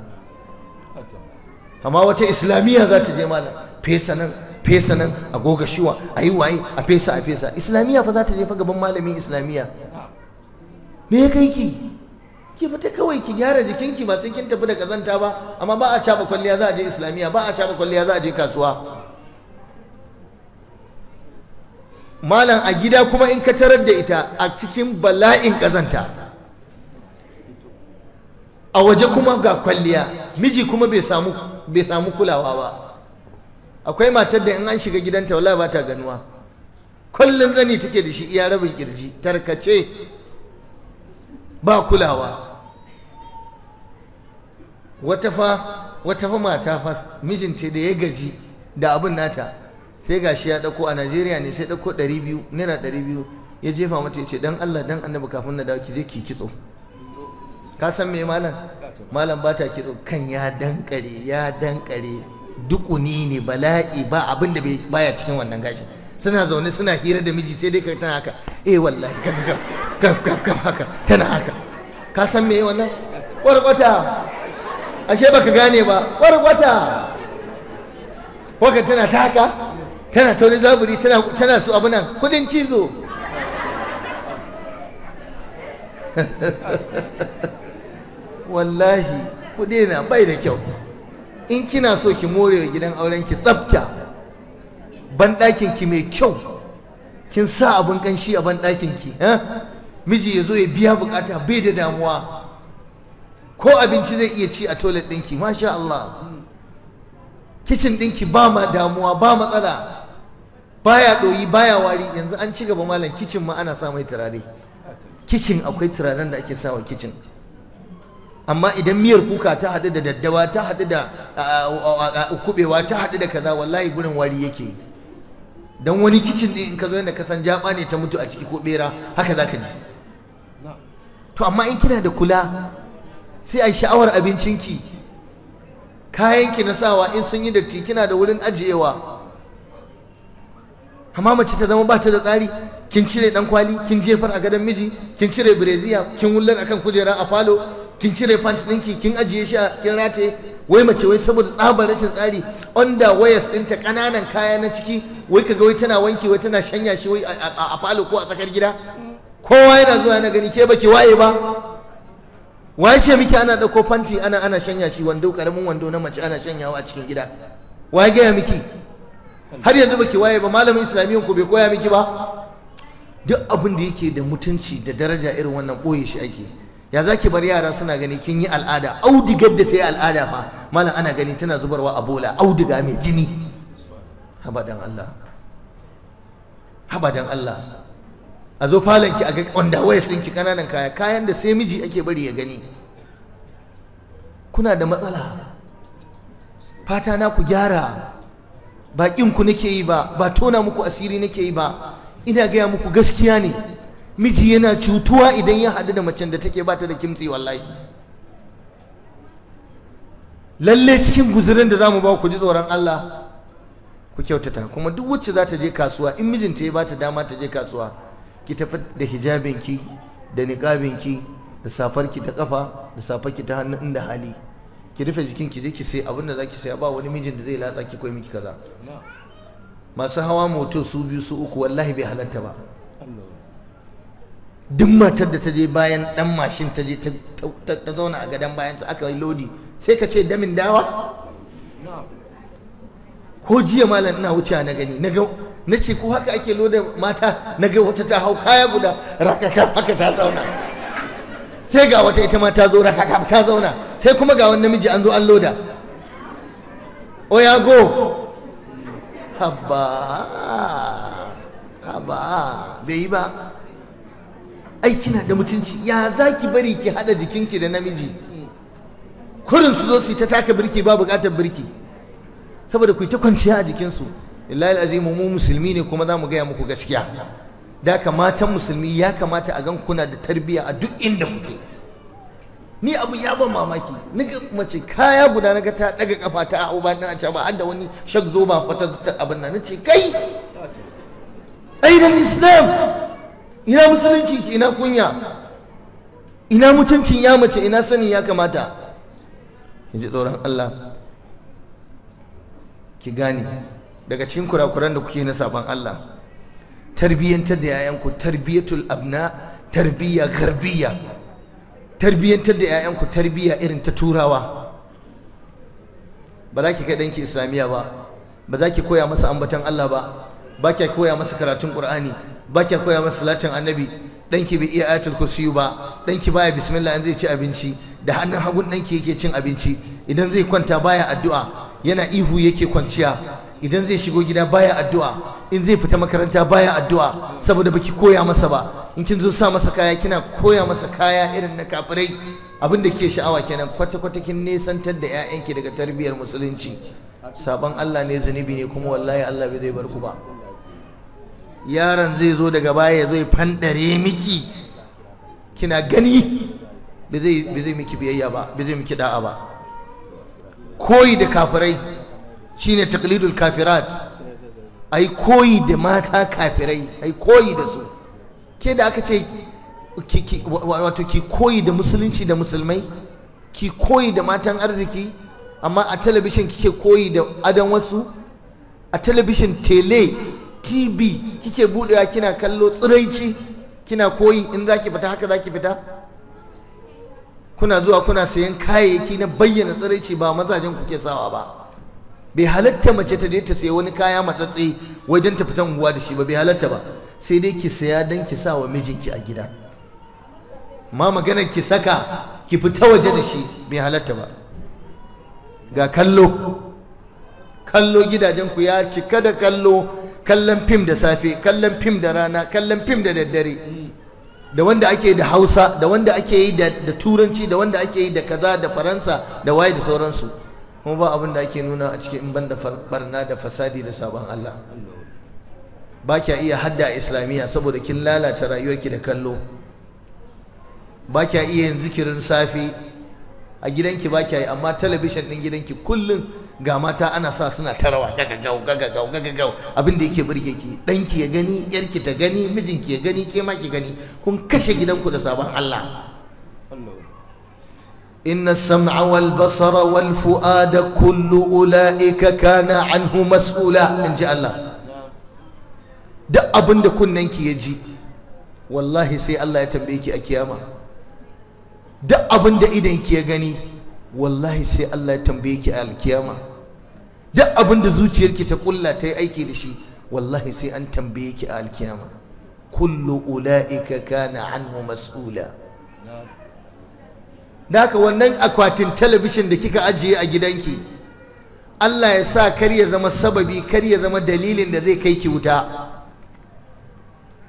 amma wata islamiyya za ta je malam fesa nan fesa nan a goga shiwa a yi waye a fesa a fesa islamiyya fa za ta je fa gaban malamin islamiyya me ya kai ki ki fita kawai ki gyara jikinki ba sai kin tafi da kazanta ba amma ba a caba kwalliya za a je islamiyya ba a caba kwalliya za a je kasuwa malam a gida kuma in ka tarar da ita a cikin bala'in kazanta a waje kuma ga kwalliya miji kuma bai samu bai samu kulawa ba akwai matar da in an shiga gidanta wallahi ba ta ganuwa kullun zani take da shi iya rabin kirji tarkace ba kulawa wata fa wata fa mata fa mijinta da ya gaji da abin nata sai gashi ya dauko a Najeriya ne sai dauko 200 naira 200 ya jefa mata ya ce dan Allah dan Annabi kafin na dawo ki je ki kitso ka san me malam malam ba ta kitso kan ya dankare ya dankare dukuni ne bala'i ba abin da baya cikin wannan gashin suna zaune suna hira da miji sai dai ka tana haka eh wallahi gab gab gab haka tana haka ka san me wannan warkwata ashe baka gane ba warkwata waka tana ta haka tana ta wani zaburi tana tana su abu nan kudin cizo (laughs) wallahi kudi na bai da kyau in kina so ki more gidan auren ki tsafta banɗakin ki mai kyau kin sa abun ƙanshi a banɗakin ki miji ya zo ya biya bukata bai da damuwa ko abinci zai iya ci a toilet ɗinki masha Allah kicin ɗinki ba ma damuwa ba matsala baya ɗoyi baya wari yanzu an ci gaba malam kicin ma ana sa mai turare kicin akwai turaren da ake sawa kicin amma idan miyar kuka ta haɗu da daddawa ta haɗu da kuɓewa ta haɗu da kaza wallahi gurin wari yake dan wani kicin din in ka zo yadda ka san jaba ne ta mutu a ciki ko bera haka zaka ji to amma in kina da kula sai a sha'awar abincinki ki na sawa in sun yi datti kina da wurin ajiyewa amma mace ta zama ba ta da tsari kin cire dan kwali kin jefar a gadon miji kin cire bireziya kin wullar akan kujera a falo kin cire pants ɗinki kin ajiye shi a kin rataye wai mace wai saboda tsabar rashin tsari onda wayas ɗinta ƙananan kaya na ciki wai kaga wai tana wanki wai tana shanya shi wai a falo ko a tsakar gida kowa yana zuwa yana gani ke baki waye ba waye ce miki ana ɗauko fanti ana ana shanya shi wando ƙaramin wando na mace ana shanyawa a cikin gida waye gaya miki har yanzu baki waye ba malamin islamiyyar ku bai koya miki ba duk abin da yake da mutunci da daraja irin wannan ɓoye shi ake ya za ki bar yara suna gani kin yi al'ada audigar da ta yi al'ada fa malam ana gani tana zubarwa a bola audiga mai jini habadan Allah habadan Allah a zo falonki a ga wanda wayas ɗinki ƙananan kaya kayan da sai miji ake bari ya gani kuna da matsala fata na ku gyara baƙin ku nake yi ba ba tona muku asiri nake yi ba ina gaya muku gaskiya ne miji yana cutuwa idan ya haɗu da macen da take ba ta da kimtsi wallahi lalle cikin guzurin da za mu ba ku ji tsoron Allah ku kyautata kuma duk wacce za ta je kasuwa in mijinta ya ba ta dama ta je kasuwa ki tafi da hijabinki da niqabinki da safarki ta kafa da safarki ta hannu inda hali ki rufe jikin ki je ki sai abin da zaki sai ba wani mijin da zai latsa ki koyi miki kaza masu hawa moto su biyu su uku wallahi bai halatta ba duk matar da ta je bayan dan mashin ta je ta zauna a gadon bayan sa aka yi lodi sai ka ce damin dawa ko jiya malam ina wuce na gani na ga na ce ko haka ake loda mata na ga wata ta hau kaya guda rakaka haka ta zauna sai ga wata ita ma ta zo rakaka ta zauna sai kuma ga wani namiji an zo an loda oyago haba haba bai yi ba ai kina da mutunci ya za ki bari ki haɗa jikinki da namiji kurin su zo su ta taka birki ba buƙatar birki saboda ku ta kwanciya a jikinsu lillahi azimu mu musulmi ne kuma za mu gaya muku gaskiya da kamatan musulmi ya kamata a gan kuna da tarbiyya a duk inda kuke ni abu ya ban mamaki Ni ga mace kaya guda ga ta daga kafa ta a uba na ce ba har da wani shak zo ba fata abin nan ce kai ainihin islam ina musulunci ki ina kunya ina mutuncin ya mace ina sani ya kamata ki ji tsoron Allah ki gane daga cikin kurakuran da kuke na saban Allah tarbiyyantar da yayanku tarbiyatul abna tarbiyya garbiya tarbiyyantar da yayanku tarbiyya irin ta turawa ba za ki kai danki islamiyya ba ba za ki koya masa ambatan Allah ba ba kya koya masa karatun qur'ani ba kya koya masa salatin annabi danki bai iya ayatul kursi ba danki baya bismillah an zai ci abinci da hannun hagun danki yake cin abinci idan zai kwanta baya addu'a yana ihu yake kwanciya idan zai shigo gida baya addu'a in zai fita makaranta baya addu'a saboda baki koya masa ba in kin zo sa masa kaya kina koya masa kaya irin na kafirai abin da ke sha'awa kenan kwata kwata kin nesantar da 'ya'yanki daga tarbiyyar musulunci saban Allah ne zunubi ne kuma wallahi Allah bai zai bar ku ba yaron zai zo daga baya ya zo ya fandare miki kina gani ba zai miki biyayya ba ba zai miki da'a ba koyi da kafirai shine taqlidul kafirat ai koyi da mata kafirai ai koyi da su ke da aka ce wato ki koyi da musulunci da musulmai ki koyi da matan arziki amma a talabishin kike koyi da adan wasu a talabishin tele tv kike budewa kina kallo tsiraici kina koyi in zaki fita haka zaki fita kuna zuwa kuna sayan kayayyaki na bayyana tsiraici ba mazajen kuke sawa ba bai halatta mace ta je ta sayi wani kaya matsatsi wajen ta fitan unguwa da shi ba bai halatta ba sai dai ki saya dan ki sa wa mijinki a gida ma maganar ki saka ki fita waje da shi bai halatta ba ga kallo kallo gidajen ku ya cika da kallo kallon fim da safe kallon fim da rana kallon fim da daddare da wanda ake da hausa da wanda ake yi da turanci da wanda ake yi da kaza da faransa da waye da sauransu kuma ba abin da ake nuna a cikin in ban da barna da fasadi da sabon Allah ba kya iya hadda a islamiyya saboda kin lalata rayuwarki da kallo ba kya iya yin zikirin safi a gidanki ba kya yi amma talabishin din gidanki kullum ga mata ana sa suna tarawa gagagau gagagau gagagau abin da yake burge ki ɗanki ya gani yarki ta gani mijinki ya gani ke ma ki gani kun kashe gidanku da sabon Allah إن السمع والبصر والفؤاد كل أولئك كان عنه مسؤولا إن شاء الله duk Allah. da kunnanki ya ji wallahi sai Allah ya tambaye ki a kiyama duk abin da ya gani wallahi sai Allah ya tambaye ki alkiyama duk abin da zuciyarki ta kulla ta yi aiki da shi wallahi sai an tambaye ki alkiyama kullu ula'ika kana anhu mas'ula haka wannan akwatin talabishin da kika ajiye a gidanki Allah ya sa kar ya zama sababi kar ya zama dalilin da zai kai ki wuta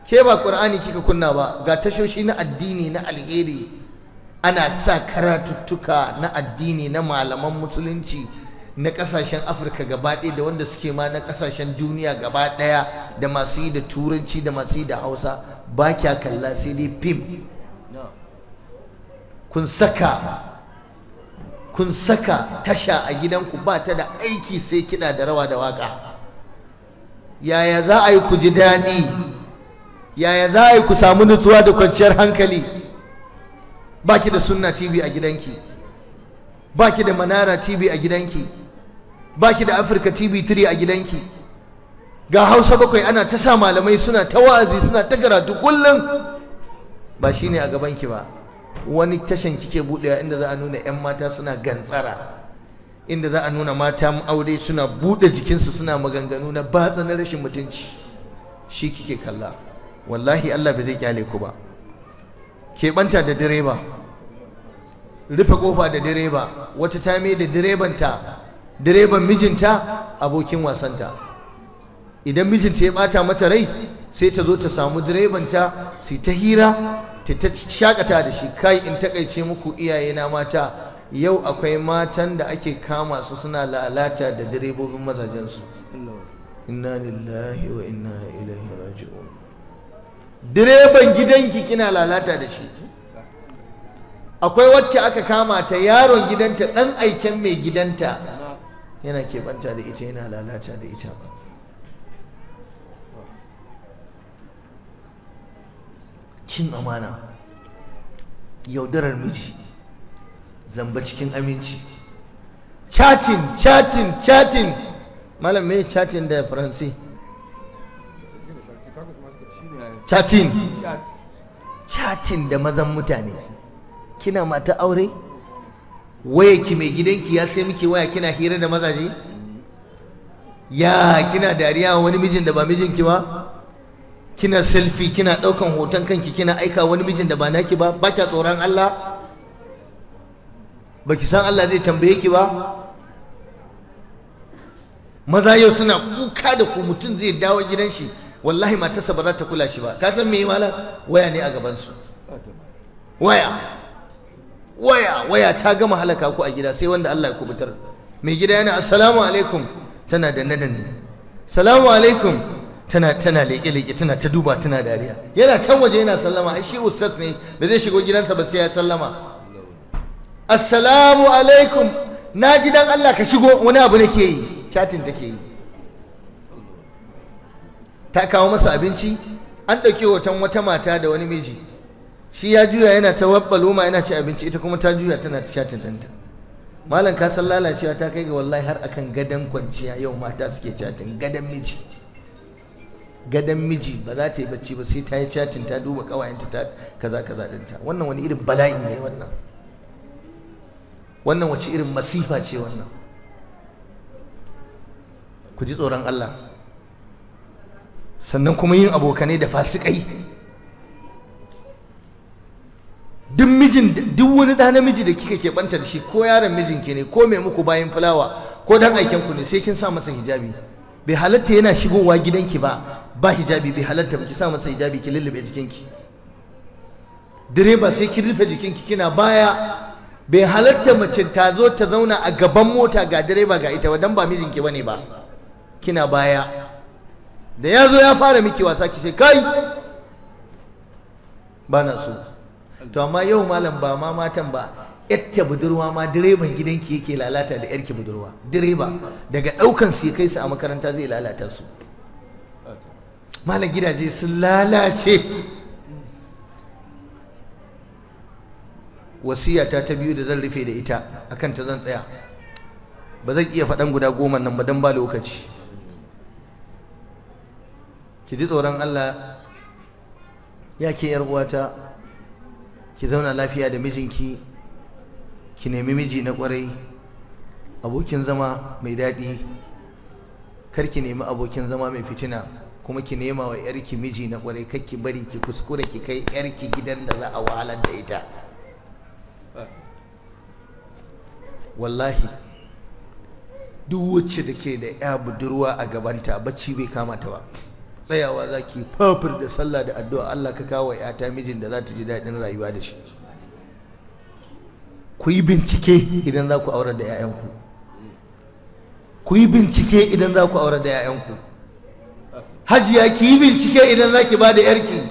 ke ba ƙur'ani kika kunna ba ga tashoshi na addini na alheri ana sa karatuttuka na addini na malaman musulunci na kasashen afirka gaba ɗaya da wanda suke ma na kasashen duniya gaba ɗaya da masu yi da turanci da masu yi da hausa ba kya kalla sai dai fim kun saka kun saka tasha a gidanku ba ta da aiki sai kiɗa da rawa da waƙa yaya za a yi ku ji daɗi yaya za a yi ku samu nutsuwa da kwanciyar hankali baki da sunna tv a gidanki baki da manara tv a gidanki baki da afirka tv 3 a gidanki ga hausa bakwai ana ta sa malamai suna ta wa'azi suna ta karatu kullum ba shine a gabanki ba wani tashan kike budewa inda za a nuna 'yan mata suna gantsara inda za a nuna mata aure suna bude jikinsu suna maganganu na batsa na rashin mutunci shi kike kalla wallahi allah ba zai kyale ku ba keɓanta da direba rufe ƙofa da direba wata ta mai da direbanta direban mijinta abokin wasanta idan mijinta ya ɓata mata rai sai ta zo ta samu direbanta su ta hira ta ta shakata da shi kai in takaice muku iyaye na mata yau akwai matan da ake kama su suna lalata da direbobin mazajensu inna lillahi wa inna ilaihi raji'un direban gidanki kina lalata da shi akwai wacce aka kama ta yaron gidanta dan aiken mai gidanta yana keɓanta da ita yana lalata da ita ba cin amana yaudarar miji zamba cikin aminci chatting chatting chatting malam me da faransi Hmm. cacin cacin da mazan mutane kina mata aure ki mai gidanki ya sai miki waya kina hira da mazaje ya kina dariya wani mijin da ba mijinki ba kina selfie kina daukan hoton kanki kina aika wani mijin da ba naki ba ba kya tsoron Allah baki san Allah zai tambaye ki ba maza yau suna kuka da ku mutum zai dawo gidan shi wallahi matarsa ba za ta kula shi ba ka san me yi mala waya ne a gabansu waya waya waya ta gama halaka ku a gida sai wanda Allah ya kubutar mai gida yana assalamu alaikum tana da danne danne salamu alaikum tana tana leke leke tana ta duba tana dariya yana can waje yana sallama ai shi ustaz ne da zai shigo gidansa ba sai ya sallama assalamu alaikum na ji gidan Allah ka shigo wani abu nake yi chatin take yi ta kawo masa abinci an ɗauki hoton wata mata da wani miji shi ya juya yana ta loma yana ci abinci ita kuma ta juya tana ta shatin ɗinta malam ka san lalacewa ta kai ga wallahi har akan gadon kwanciya yau mata suke chatin gadon miji gadon miji ba za ta yi bacci ba sai ta yi chatin ta duba kawayenta ta kaza kaza dinta wannan wani irin bala'i ne wannan wannan wace irin masifa ce wannan ku ji tsoron Allah sannan kuma yin abokanai da fasikai duk mijin duk wani ɗa namiji da kika keɓanta da shi ko yaron mijinki ne ko mai muku bayan fulawa ko dan aiken ku ne sai kin sa masa hijabi bai halatta yana shigowa gidanki ba ba hijabi bai halatta ba ki sa masa hijabi ki lullube jikinki direba sai kin rufe jikinki kina baya bai halatta mace ta zo ta zauna a gaban mota ga direba ga ita dan ba mijinki bane ba kina baya da ya zo ya fara miki wasa ki ce kai ba na so to amma yau malam ba ma matan ba yatta budurwa ma direban gidanki yake lalata da yarki budurwa direba daga daukan su kai su a makaranta zai lalata su malam gidaje sun lalace wasiyata ta biyu da zan rufe da ita akan ta zan tsaya ba zan iya faɗan guda goma nan ba don ba lokaci ki ji tsoron Allah ya ke uwata ki zauna lafiya da mijinki ki nemi miji na kwarai abokin zama mai daɗi kar ki nemi abokin zama mai fitina kuma ki nema wa yarki miji na kwarai kar ki bari ki kuskure ki kai yarki gidan da za a wahalar da ita wallahi duk wacce da ke da ya budurwa a gabanta bacci bai kamata ba tsayawa za ki fafir da sallah da addu'a Allah ka kawo yata mijin da za ta ji daɗin rayuwa da shi ku yi bincike idan za ku aurar da 'ya'yanku ku yi bincike idan za ku aurar da 'ya'yanku hajiya ki yi bincike idan za ki ba da 'yarki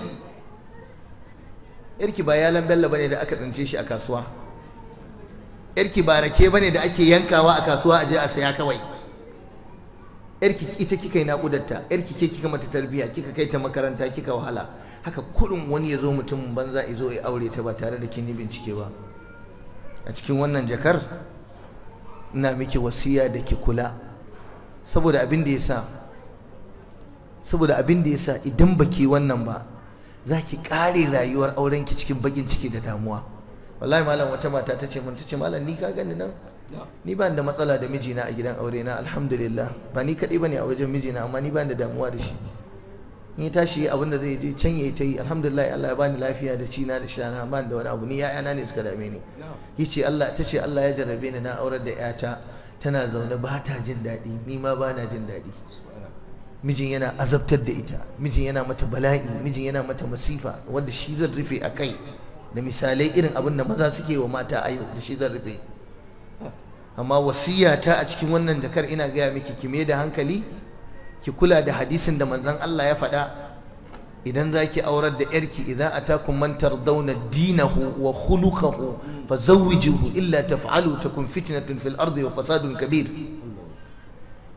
yarki ba yalan bello bane da aka tsince shi a kasuwa yarki ba rake ba ne da ake yankawa a kasuwa a je a saya kawai yarki ita kika yi naƙudarta yarki ke kika mata tarbiyya kika kai ta makaranta kika wahala haka kuɗin wani ya zo mutumin banza ya zo ya aure ta ba tare da kin bincike ba a cikin wannan jakar ina miki wasiya da ki kula saboda abin da ya sa saboda abin da ya sa idan baki wannan ba za ki ƙare rayuwar aurenki cikin bakin ciki da damuwa wallahi malam wata mata ta ce mun ta ce malam ni ka gani nan ni ba da matsala da mijina a gidan aure na alhamdulillah ba ni kaɗai ba ne a wajen mijina amma ni ba da damuwa da shi ni tashi abin da zai je can ya ta yi alhamdulillah Allah ya bani lafiya da cina da shana ba da wani abu ni ya'yana ne suka dame ni yace Allah ta ce Allah ya jarrabe ni na aurar da yata tana zaune ba ta jin daɗi ni ma ba na jin daɗi mijin yana azabtar da ita mijin yana mata bala'i mijin yana mata masifa wanda shi zan rufe a kai da misalai irin abin da maza suke wa mata a yau da shi zan rufe amma wasiya ta a cikin wannan jakar ina gaya miki ki mai da hankali ki kula da hadisin da manzon Allah ya faɗa idan za ki aurar da yarki idan atakum man tardawna dinahu wa khuluquhu fazawwijuhu illa taf'alu takun fitnatun fil ardi wa fasadun kabir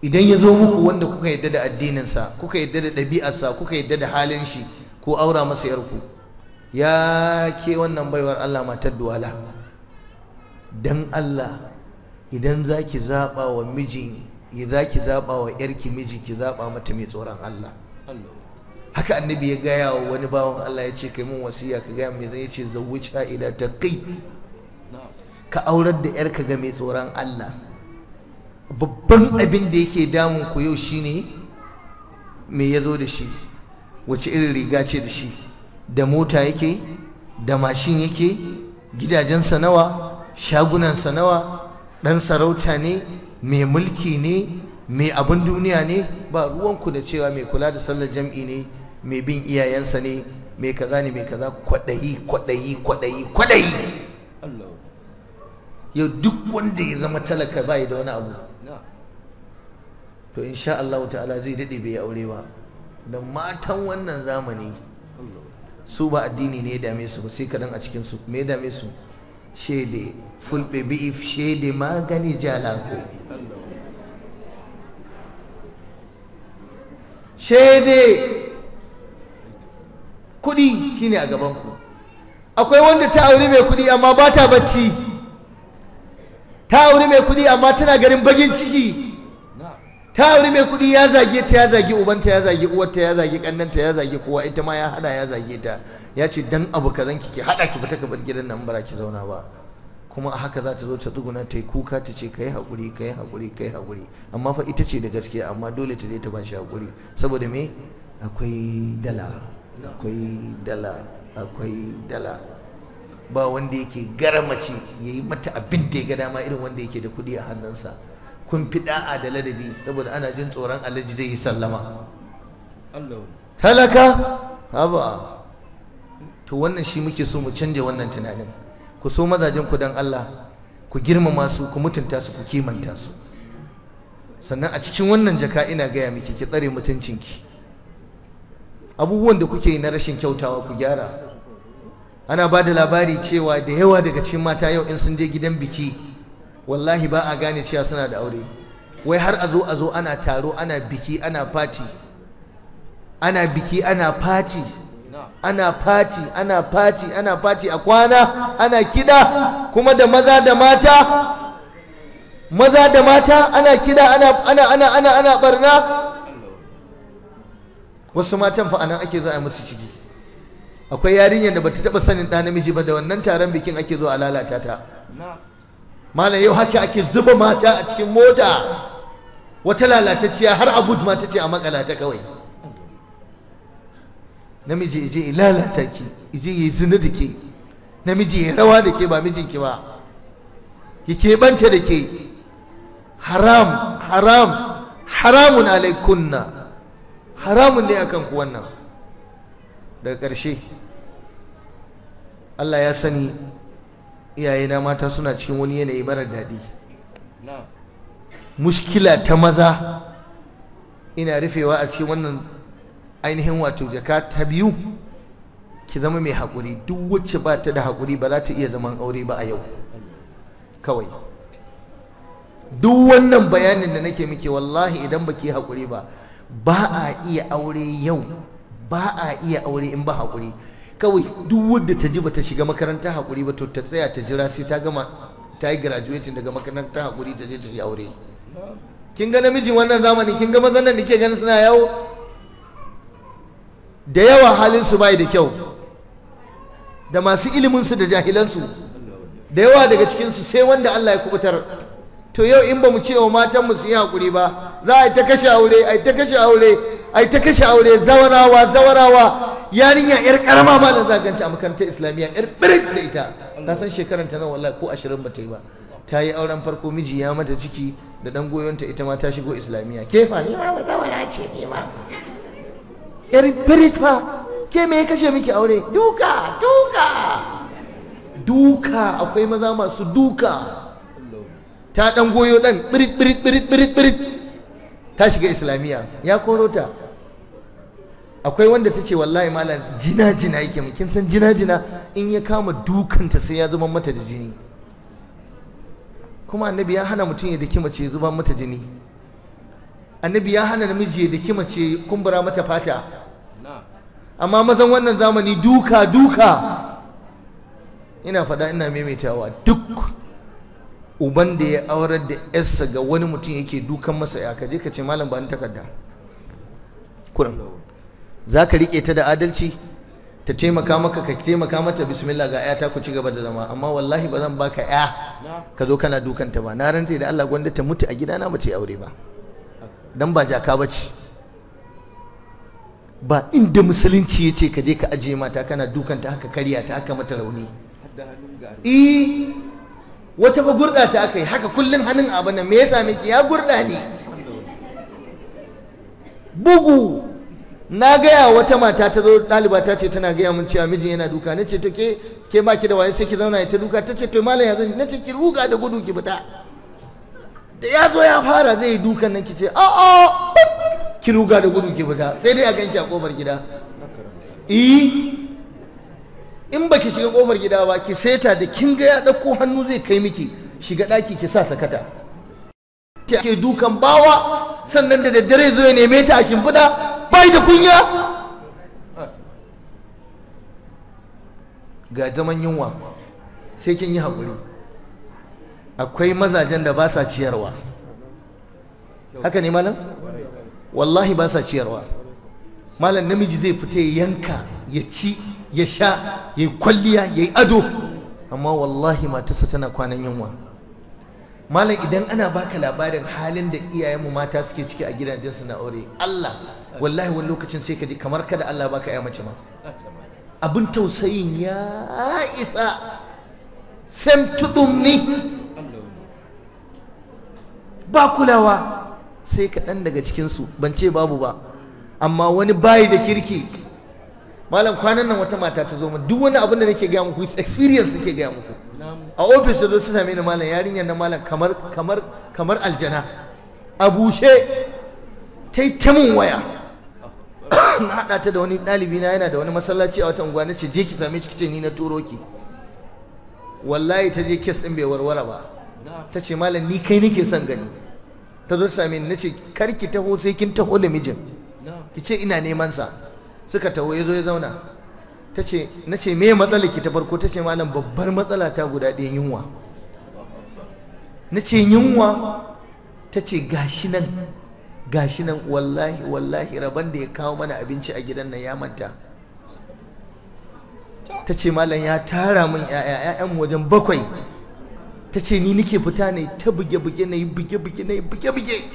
idan ya zo muku wanda kuka yadda da addininsa kuka yadda da ɗabi'arsa kuka yadda da halin shi ko aura masa yarku ya ke wannan baiwar Allah matar duwala dan Allah idan za ki zaɓa wa mijin za ki zaɓa wa ‘yarki miji ki zaɓa mata mai tsoron Allah haka annabi ya gaya wa wani bawan Allah ya ce kai mun wasiya ka gaya mai zai ce zawuca ila kai. ka aurar da ‘yarka ga mai tsoron Allah babban abin da yake damun ku yau shine me ya zo da shi wace irin riga ce da shi da mota yake da mashin yake gidajensa nawa shagunansa nawa ɗan sarauta ne mai mulki ne mai abin duniya ne ba ruwanku da cewa mai kula da sallar jam'i ne mai bin iyayensa ne mai kaza ne mai kaza kwaɗayi kwaɗayi kwaɗayi kwaɗayi yau duk wanda ya zama talaka ba da wani abu to insha Allah ta'ala zai daɗe bai aure ba da matan wannan zamani su ba addini ne ya dame su ba sai kaɗan a cikinsu me ya dame su shede fulɓe bi'if shede magani jalako shede kuɗi shine a gabanku akwai wanda ta aure mai kuɗi amma ba ta bacci ta aure mai kuɗi amma tana garin bagin ciki ta aure mai kuɗi ya zage ta ya zage ubanta ya zage uwarta ya zage kannanta ya zage kowa ita ma ya hada ya zage ta ya ce dan abu kazan kike ki hada ki fita ka bar gidan nan bara ki zauna ba kuma a haka za ta zo ta tsuguna ta yi kuka ta ce kai hakuri kai hakuri kai hakuri amma fa ita ce da gaske amma dole ta je ta bashi hakuri saboda me akwai dala akwai dala akwai dala ba wanda yake garamace yayi mata abin da ya ga dama irin wanda yake da kuɗi a hannunsa kun fi da'a da ladabi saboda ana jin tsoron alaji zai yi sallama talaka haba to wannan shi muke so mu canza wannan tunanin ku so mazajen ku dan Allah ku girmama su ku mutunta su ku kimanta su sannan a cikin wannan jaka ina gaya miki ki tsare mutuncin ki. abubuwan da kuke yi na rashin kyautawa ku gyara ana ba da labari cewa da yawa daga cikin mata yau in sun je gidan biki wallahi ba a gane cewa suna da aure wai har a zo a zo ana taro ana biki ana fati ana biki ana fati ana fati ana fati ana fati a kwana ana kida kuma da maza da mata maza da mata ana kida ana ana ana ana ana barna wasu matan fa anan ake zo a musu ciki akwai yarinyar da bata taba sanin da namiji ba da wannan taron bikin ake zo a lalata ta malam yau haka ake zuba mata a cikin mota wata lalatacciya har abud mata ce a makala ta kawai namiji ya je ya lalata ki ya je zina da ke namiji ya rawa da ke ba mijinki ba ki keɓanta da ke haram haram haramun alaikunna haramun ne akan ku wannan daga ƙarshe Allah ya sani iyayena mata suna cikin wani yanayi mara daɗi mushkila ta maza ina rufewa a cikin wannan ainihin wato jaka ta biyu ki zama mai haƙuri duk wacce ba ta da haƙuri ba za ta iya zaman aure ba a yau kawai duk wannan bayanin da nake muke wallahi idan ba ki haƙuri ba ba a iya aure yau ba a iya aure in ba haƙuri kawai duk wadda ta ji ba ta shiga makaranta haƙuri ba to ta tsaya ta jira sai ta gama ta yi graduating daga makaranta haƙuri ta je ta yi aure kin ga namiji wannan zamani kin ga mazan da ke ganin suna yawo da yawa halinsu bai da kyau da masu iliminsu da jahilansu da yawa daga cikinsu sai wanda Allah ya kubutar to yau in ba mu ce wa matanmu su yi hakuri ba za a yi ta kashe aure a yi ta kashe aure a yi ta kashe aure zawarawa zawarawa yarinya yar karama ma da zaganta a makarantar islamiyya yar birik da ita ta san shekaran ta nawa, wallahi ko ashirin ba ta yi ba ta yi auren farko miji ya mata ciki da dan goyonta ita ma ta shigo islamiyya kefa ni ma zawara ce ni ma yar firit fa ke me kashe miki aure duka duka duka akwai maza masu duka ta dan goyo dan birit birit birit birit birit ta shiga islamiyya ya koro ta akwai wanda ta ce wallahi malam jina jina yake mu kin san jina jina in ya kama dukanta sai ya zuba mata da jini kuma annabi ya hana mutum ya daki mace zuba mata jini annabi ya hana namiji ya daki mace kumbura mata fata amma mazan wannan zamani duka duka ina faɗa ina maimaitawa duk uban da ya aurar da yarsa ga wani mutum yake dukan masa ya kaje ka ce malam ba ni takarda kuran za ka riƙe ta da adalci ta taimaka maka ka taimaka mata bismillah ga ayata ku ci gaba da zama amma wallahi ba zan baka ya ka zo kana dukanta ba na rantse da Allah gwanda ta mutu a gidana ba ta yi aure ba dan ba jaka ba ce ba inda musulunci ya ce ka je ka ajiye mata kana dukanta haka karya ta haka mata rauni E, wata ba gurɗa ta aka yi haka kullum hannun abu nan me ya sami ki ya gurɗa ne bugu na gaya wata mata ta zo ɗaliba ta ce tana gaya mun cewa mijin yana duka na ce to ke ke ba ki da waye sai ki zauna ya ta duka ta ce to malam ya zan na ce ki ruga da gudu ki fita da ya zo ya fara zai yi dukan nan ki ce a a kiruga ruga da gudu ki fita sai dai a ganki a kofar gida eh in baki shiga kofar gida ba ki saita da kin ga ya dauko hannu zai kai miki shiga daki ki sa sakata ke dukan bawa sannan da daddare zo ya neme ta a fita bai da kunya ga zaman yunwa sai kin yi hakuri, akwai mazajen da ba sa ciyarwa haka ne malam wallahi ba sa ciyarwa malam namiji zai fita ya yanka ya ci ya sha ya yi kwalliya ya yi ado amma wallahi matarsa tana kwanan yunwa malam idan ana baka labarin halin da iyayenmu mata suke ciki a gidajensu na aure Allah wallahi wani lokacin sai ka ji kamar kada Allah baka ya mace ma abin tausayin ya isa sam ni. ba kulawa sai kaɗan daga cikinsu ban ce babu ba amma wani bayi da kirki malam kwanan nan wata mata ta zo duk wani abin da nake gaya muku experience suke gaya muku a ofis da su same ni malam yarinyar nan malam kamar kamar kamar aljana a bushe ta waya na haɗa ta da wani ɗalibi na yana da wani masallaci a wata unguwa na ce je ki same ki ce ni na turo ki wallahi ta je kes ɗin bai warware ba ta ce malam ni kai nake son gani ta zo same na ce, kar ki taho sai kin taho da mijin ki ce ina neman sa suka taho ya zo ya zauna ta ce na ce me matsala ki ta farko ta ce malam babbar matsala ta guda ɗaya yunwa na ce yunwa ta ce gashi nan gashi nan wallahi wallahi rabon da ya kawo mana abinci a gidan nan ya manta ta ce malam ya tara min 'ya'ya 'ya'yan wajen bakwai ta ce ni nike fita ne ta buge-buge na yi buge-buge na yi buge-buge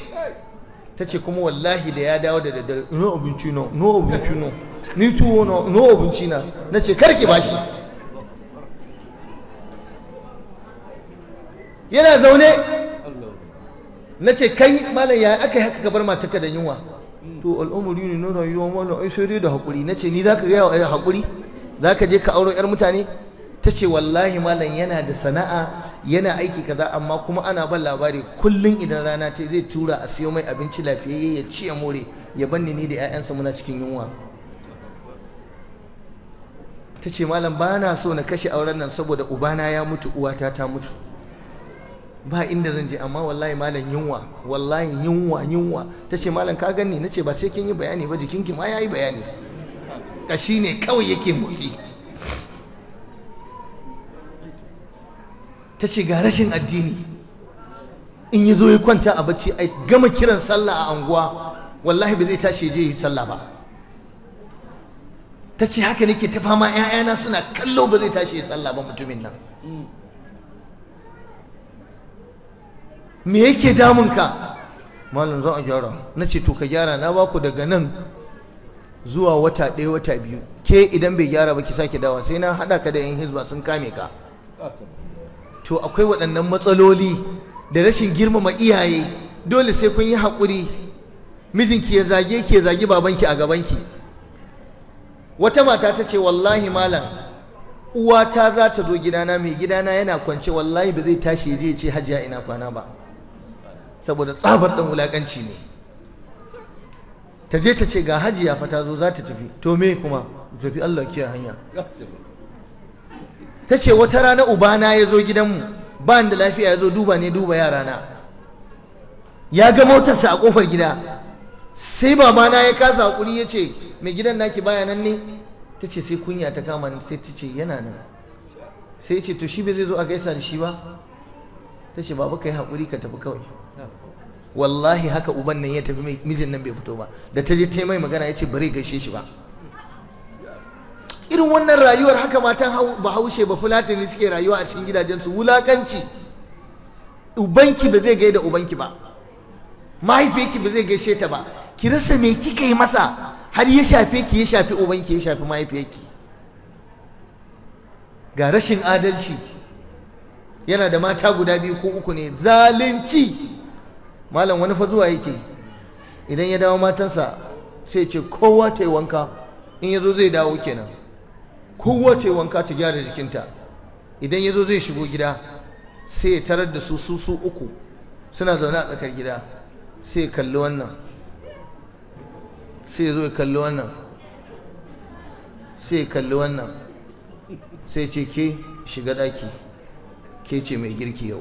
ta ce kuma wallahi da ya dawo da daddare no abinci no no abinci no ni tuwo no no abinci na na ce karki bashi yana zaune na ce kai malam ya aka yi haka ka bar matarka da yunwa to al'amuri ne na rayuwa malam ai sai dai da haƙuri na ce ni za ka gaya wa haƙuri za ka je ka auro 'yar mutane ta ce wallahi malam yana da sana'a yana aiki kaza amma kuma ana ban labari kullum idan rana ta zai tura a siyo mai abinci lafiyayye ya ci ya more ya banni ni da 'ya'yansa muna cikin yunwa ta ce malam ba na so na kashe auren nan saboda ubana ya mutu uwata ta mutu ba inda zan je amma wallahi malam yunwa wallahi yunwa yunwa ta ce malam ka gani na ce ba sai kin yi bayani ba jikinki ma ya yi bayani ƙashi ne kawai yake motsi ta ce ga rashin addini in ya zo ya kwanta a bacci a gama kiran sallah a anguwa wallahi ba zai tashi je yi sallah ba ta ce haka nake ta fama 'ya'yana suna kallo ba zai tashi yi sallah ba mutumin nan me yake damunka malam za a gyara na ce to ka gyara na baku daga nan zuwa wata ɗaya wata biyu ke idan bai gyara ba ki sake dawa sai na haɗa ka da yan hizba sun kame ka to akwai waɗannan matsaloli da rashin girmama iyaye dole sai kun yi haƙuri mijinki ya zage ki ya zagi babanki a gabanki wata mata ta ce wallahi malam uwata za ta zo gidana mai gidana yana kwance wallahi ba zai tashi ya je ya ce hajiya ina kwana ba saboda tsabar ɗan wulaƙanci ne ta je ta ce ga hajiya fa ta zo za ta tafi to me kuma tafi Allah kiyaye hanya ta ce wata rana ubana ya zo gidanmu ba da lafiya ya zo duba ne duba yarana ya ga motarsa a kofar gida sai babana ya kasa hakuri ya ce mai gidan naki baya nan ne ta ce sai kunya ta kama sai ta ce yana nan sai ce to shi bai zai zo a gaisa da shi ba ta ce baba kai hakuri ka tafi kawai wallahi haka uban nan ya tafi mijin nan bai fito ba da ta je ta yi mai magana ya ce bari gaishe shi ba irin wannan rayuwar haka matan bahaushe ba fulatani suke rayuwa a cikin gidajensu wulakanci ubanki ba zai gaida ubanki ba mahaifiyarki ba zai gaishe ta ba ki rasa me kika yi masa har ya shafe ki ya shafi ubanki ya shafi mahaifiyarki ga rashin adalci yana da mata guda biyu ko uku ne zalunci malam wani fa zuwa yake idan ya dawo matansa sai ce kowa ta yi wanka in ya zo zai dawo kenan kowa ta yi wanka ta gyara jikinta idan ya zo zai shigo gida sai ya tarar da su su su uku suna zaune a tsakar gida sai ya kalli wannan sai ya zo ya kalli wannan sai ya kalli wannan sai ce ke shiga ɗaki ke ce mai girki yau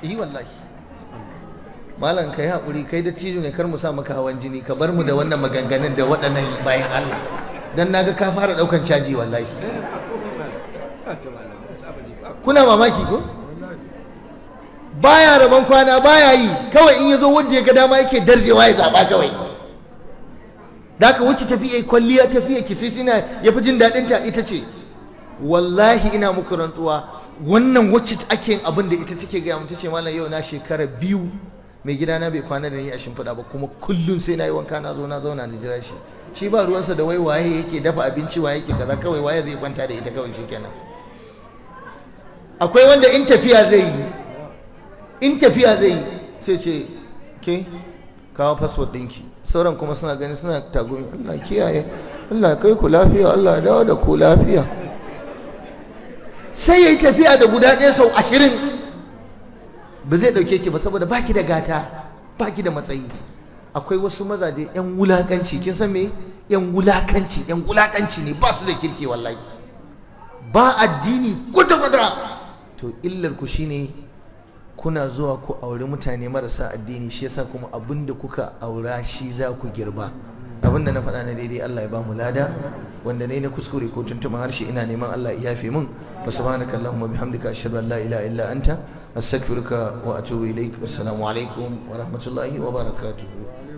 yi wallahi malam ka yi haƙuri kai da ne kar mu sa maka hawan jini ka bar mu da wannan maganganun da waɗannan bayan Allah dan naga ka fara daukan caji wallahi kuna mamaki ko baya rabon kwana baya yi kawai in yazo wanda ya ga dama yake darjewa ya zaba kawai da ka wuce tafiya kwalliya tafiya sai ya fi jin daɗin ta ita ce wallahi ina muku rantsuwa wannan wacce ake abin da ita take gaya mu tace malam yau na shekara biyu mai gida na bai kwana da ni a shimfiɗa ba kuma kullum sai na yi wanka na zo na zauna na jira shi shi ba ruwansa da wai waye yake dafa abinci waye yake kaza kawai waye zai kwanta da ita kawai shi kenan akwai wanda in tafiya zai yi in tafiya zai yi sai ce ke kawo fasfot ɗinki sauran kuma suna gani suna tagumi Allah kiyaye Allah kai ku lafiya Allah dawo da ku lafiya sai ya yi tafiya da guda ɗaya sau ashirin ba zai dauke ki ba saboda baki da gata baki da matsayi akwai wasu mazaje yan wulakanci kin san me yan wulakanci yan wulakanci ne ba su da kirki wallahi ba addini kwata kwata to illar ku shine kuna zuwa ku auri mutane marasa addini shi yasa kuma abinda kuka aura shi za ku girba abinda na faɗa na daidai Allah ya ba mu lada wanda ne na kuskure ko tuntuma harshe ina neman Allah ya yafe min subhanakallahumma bihamdika ashhadu an la ilaha illa anta أستغفرك وأتوب إليك والسلام عليكم ورحمة الله وبركاته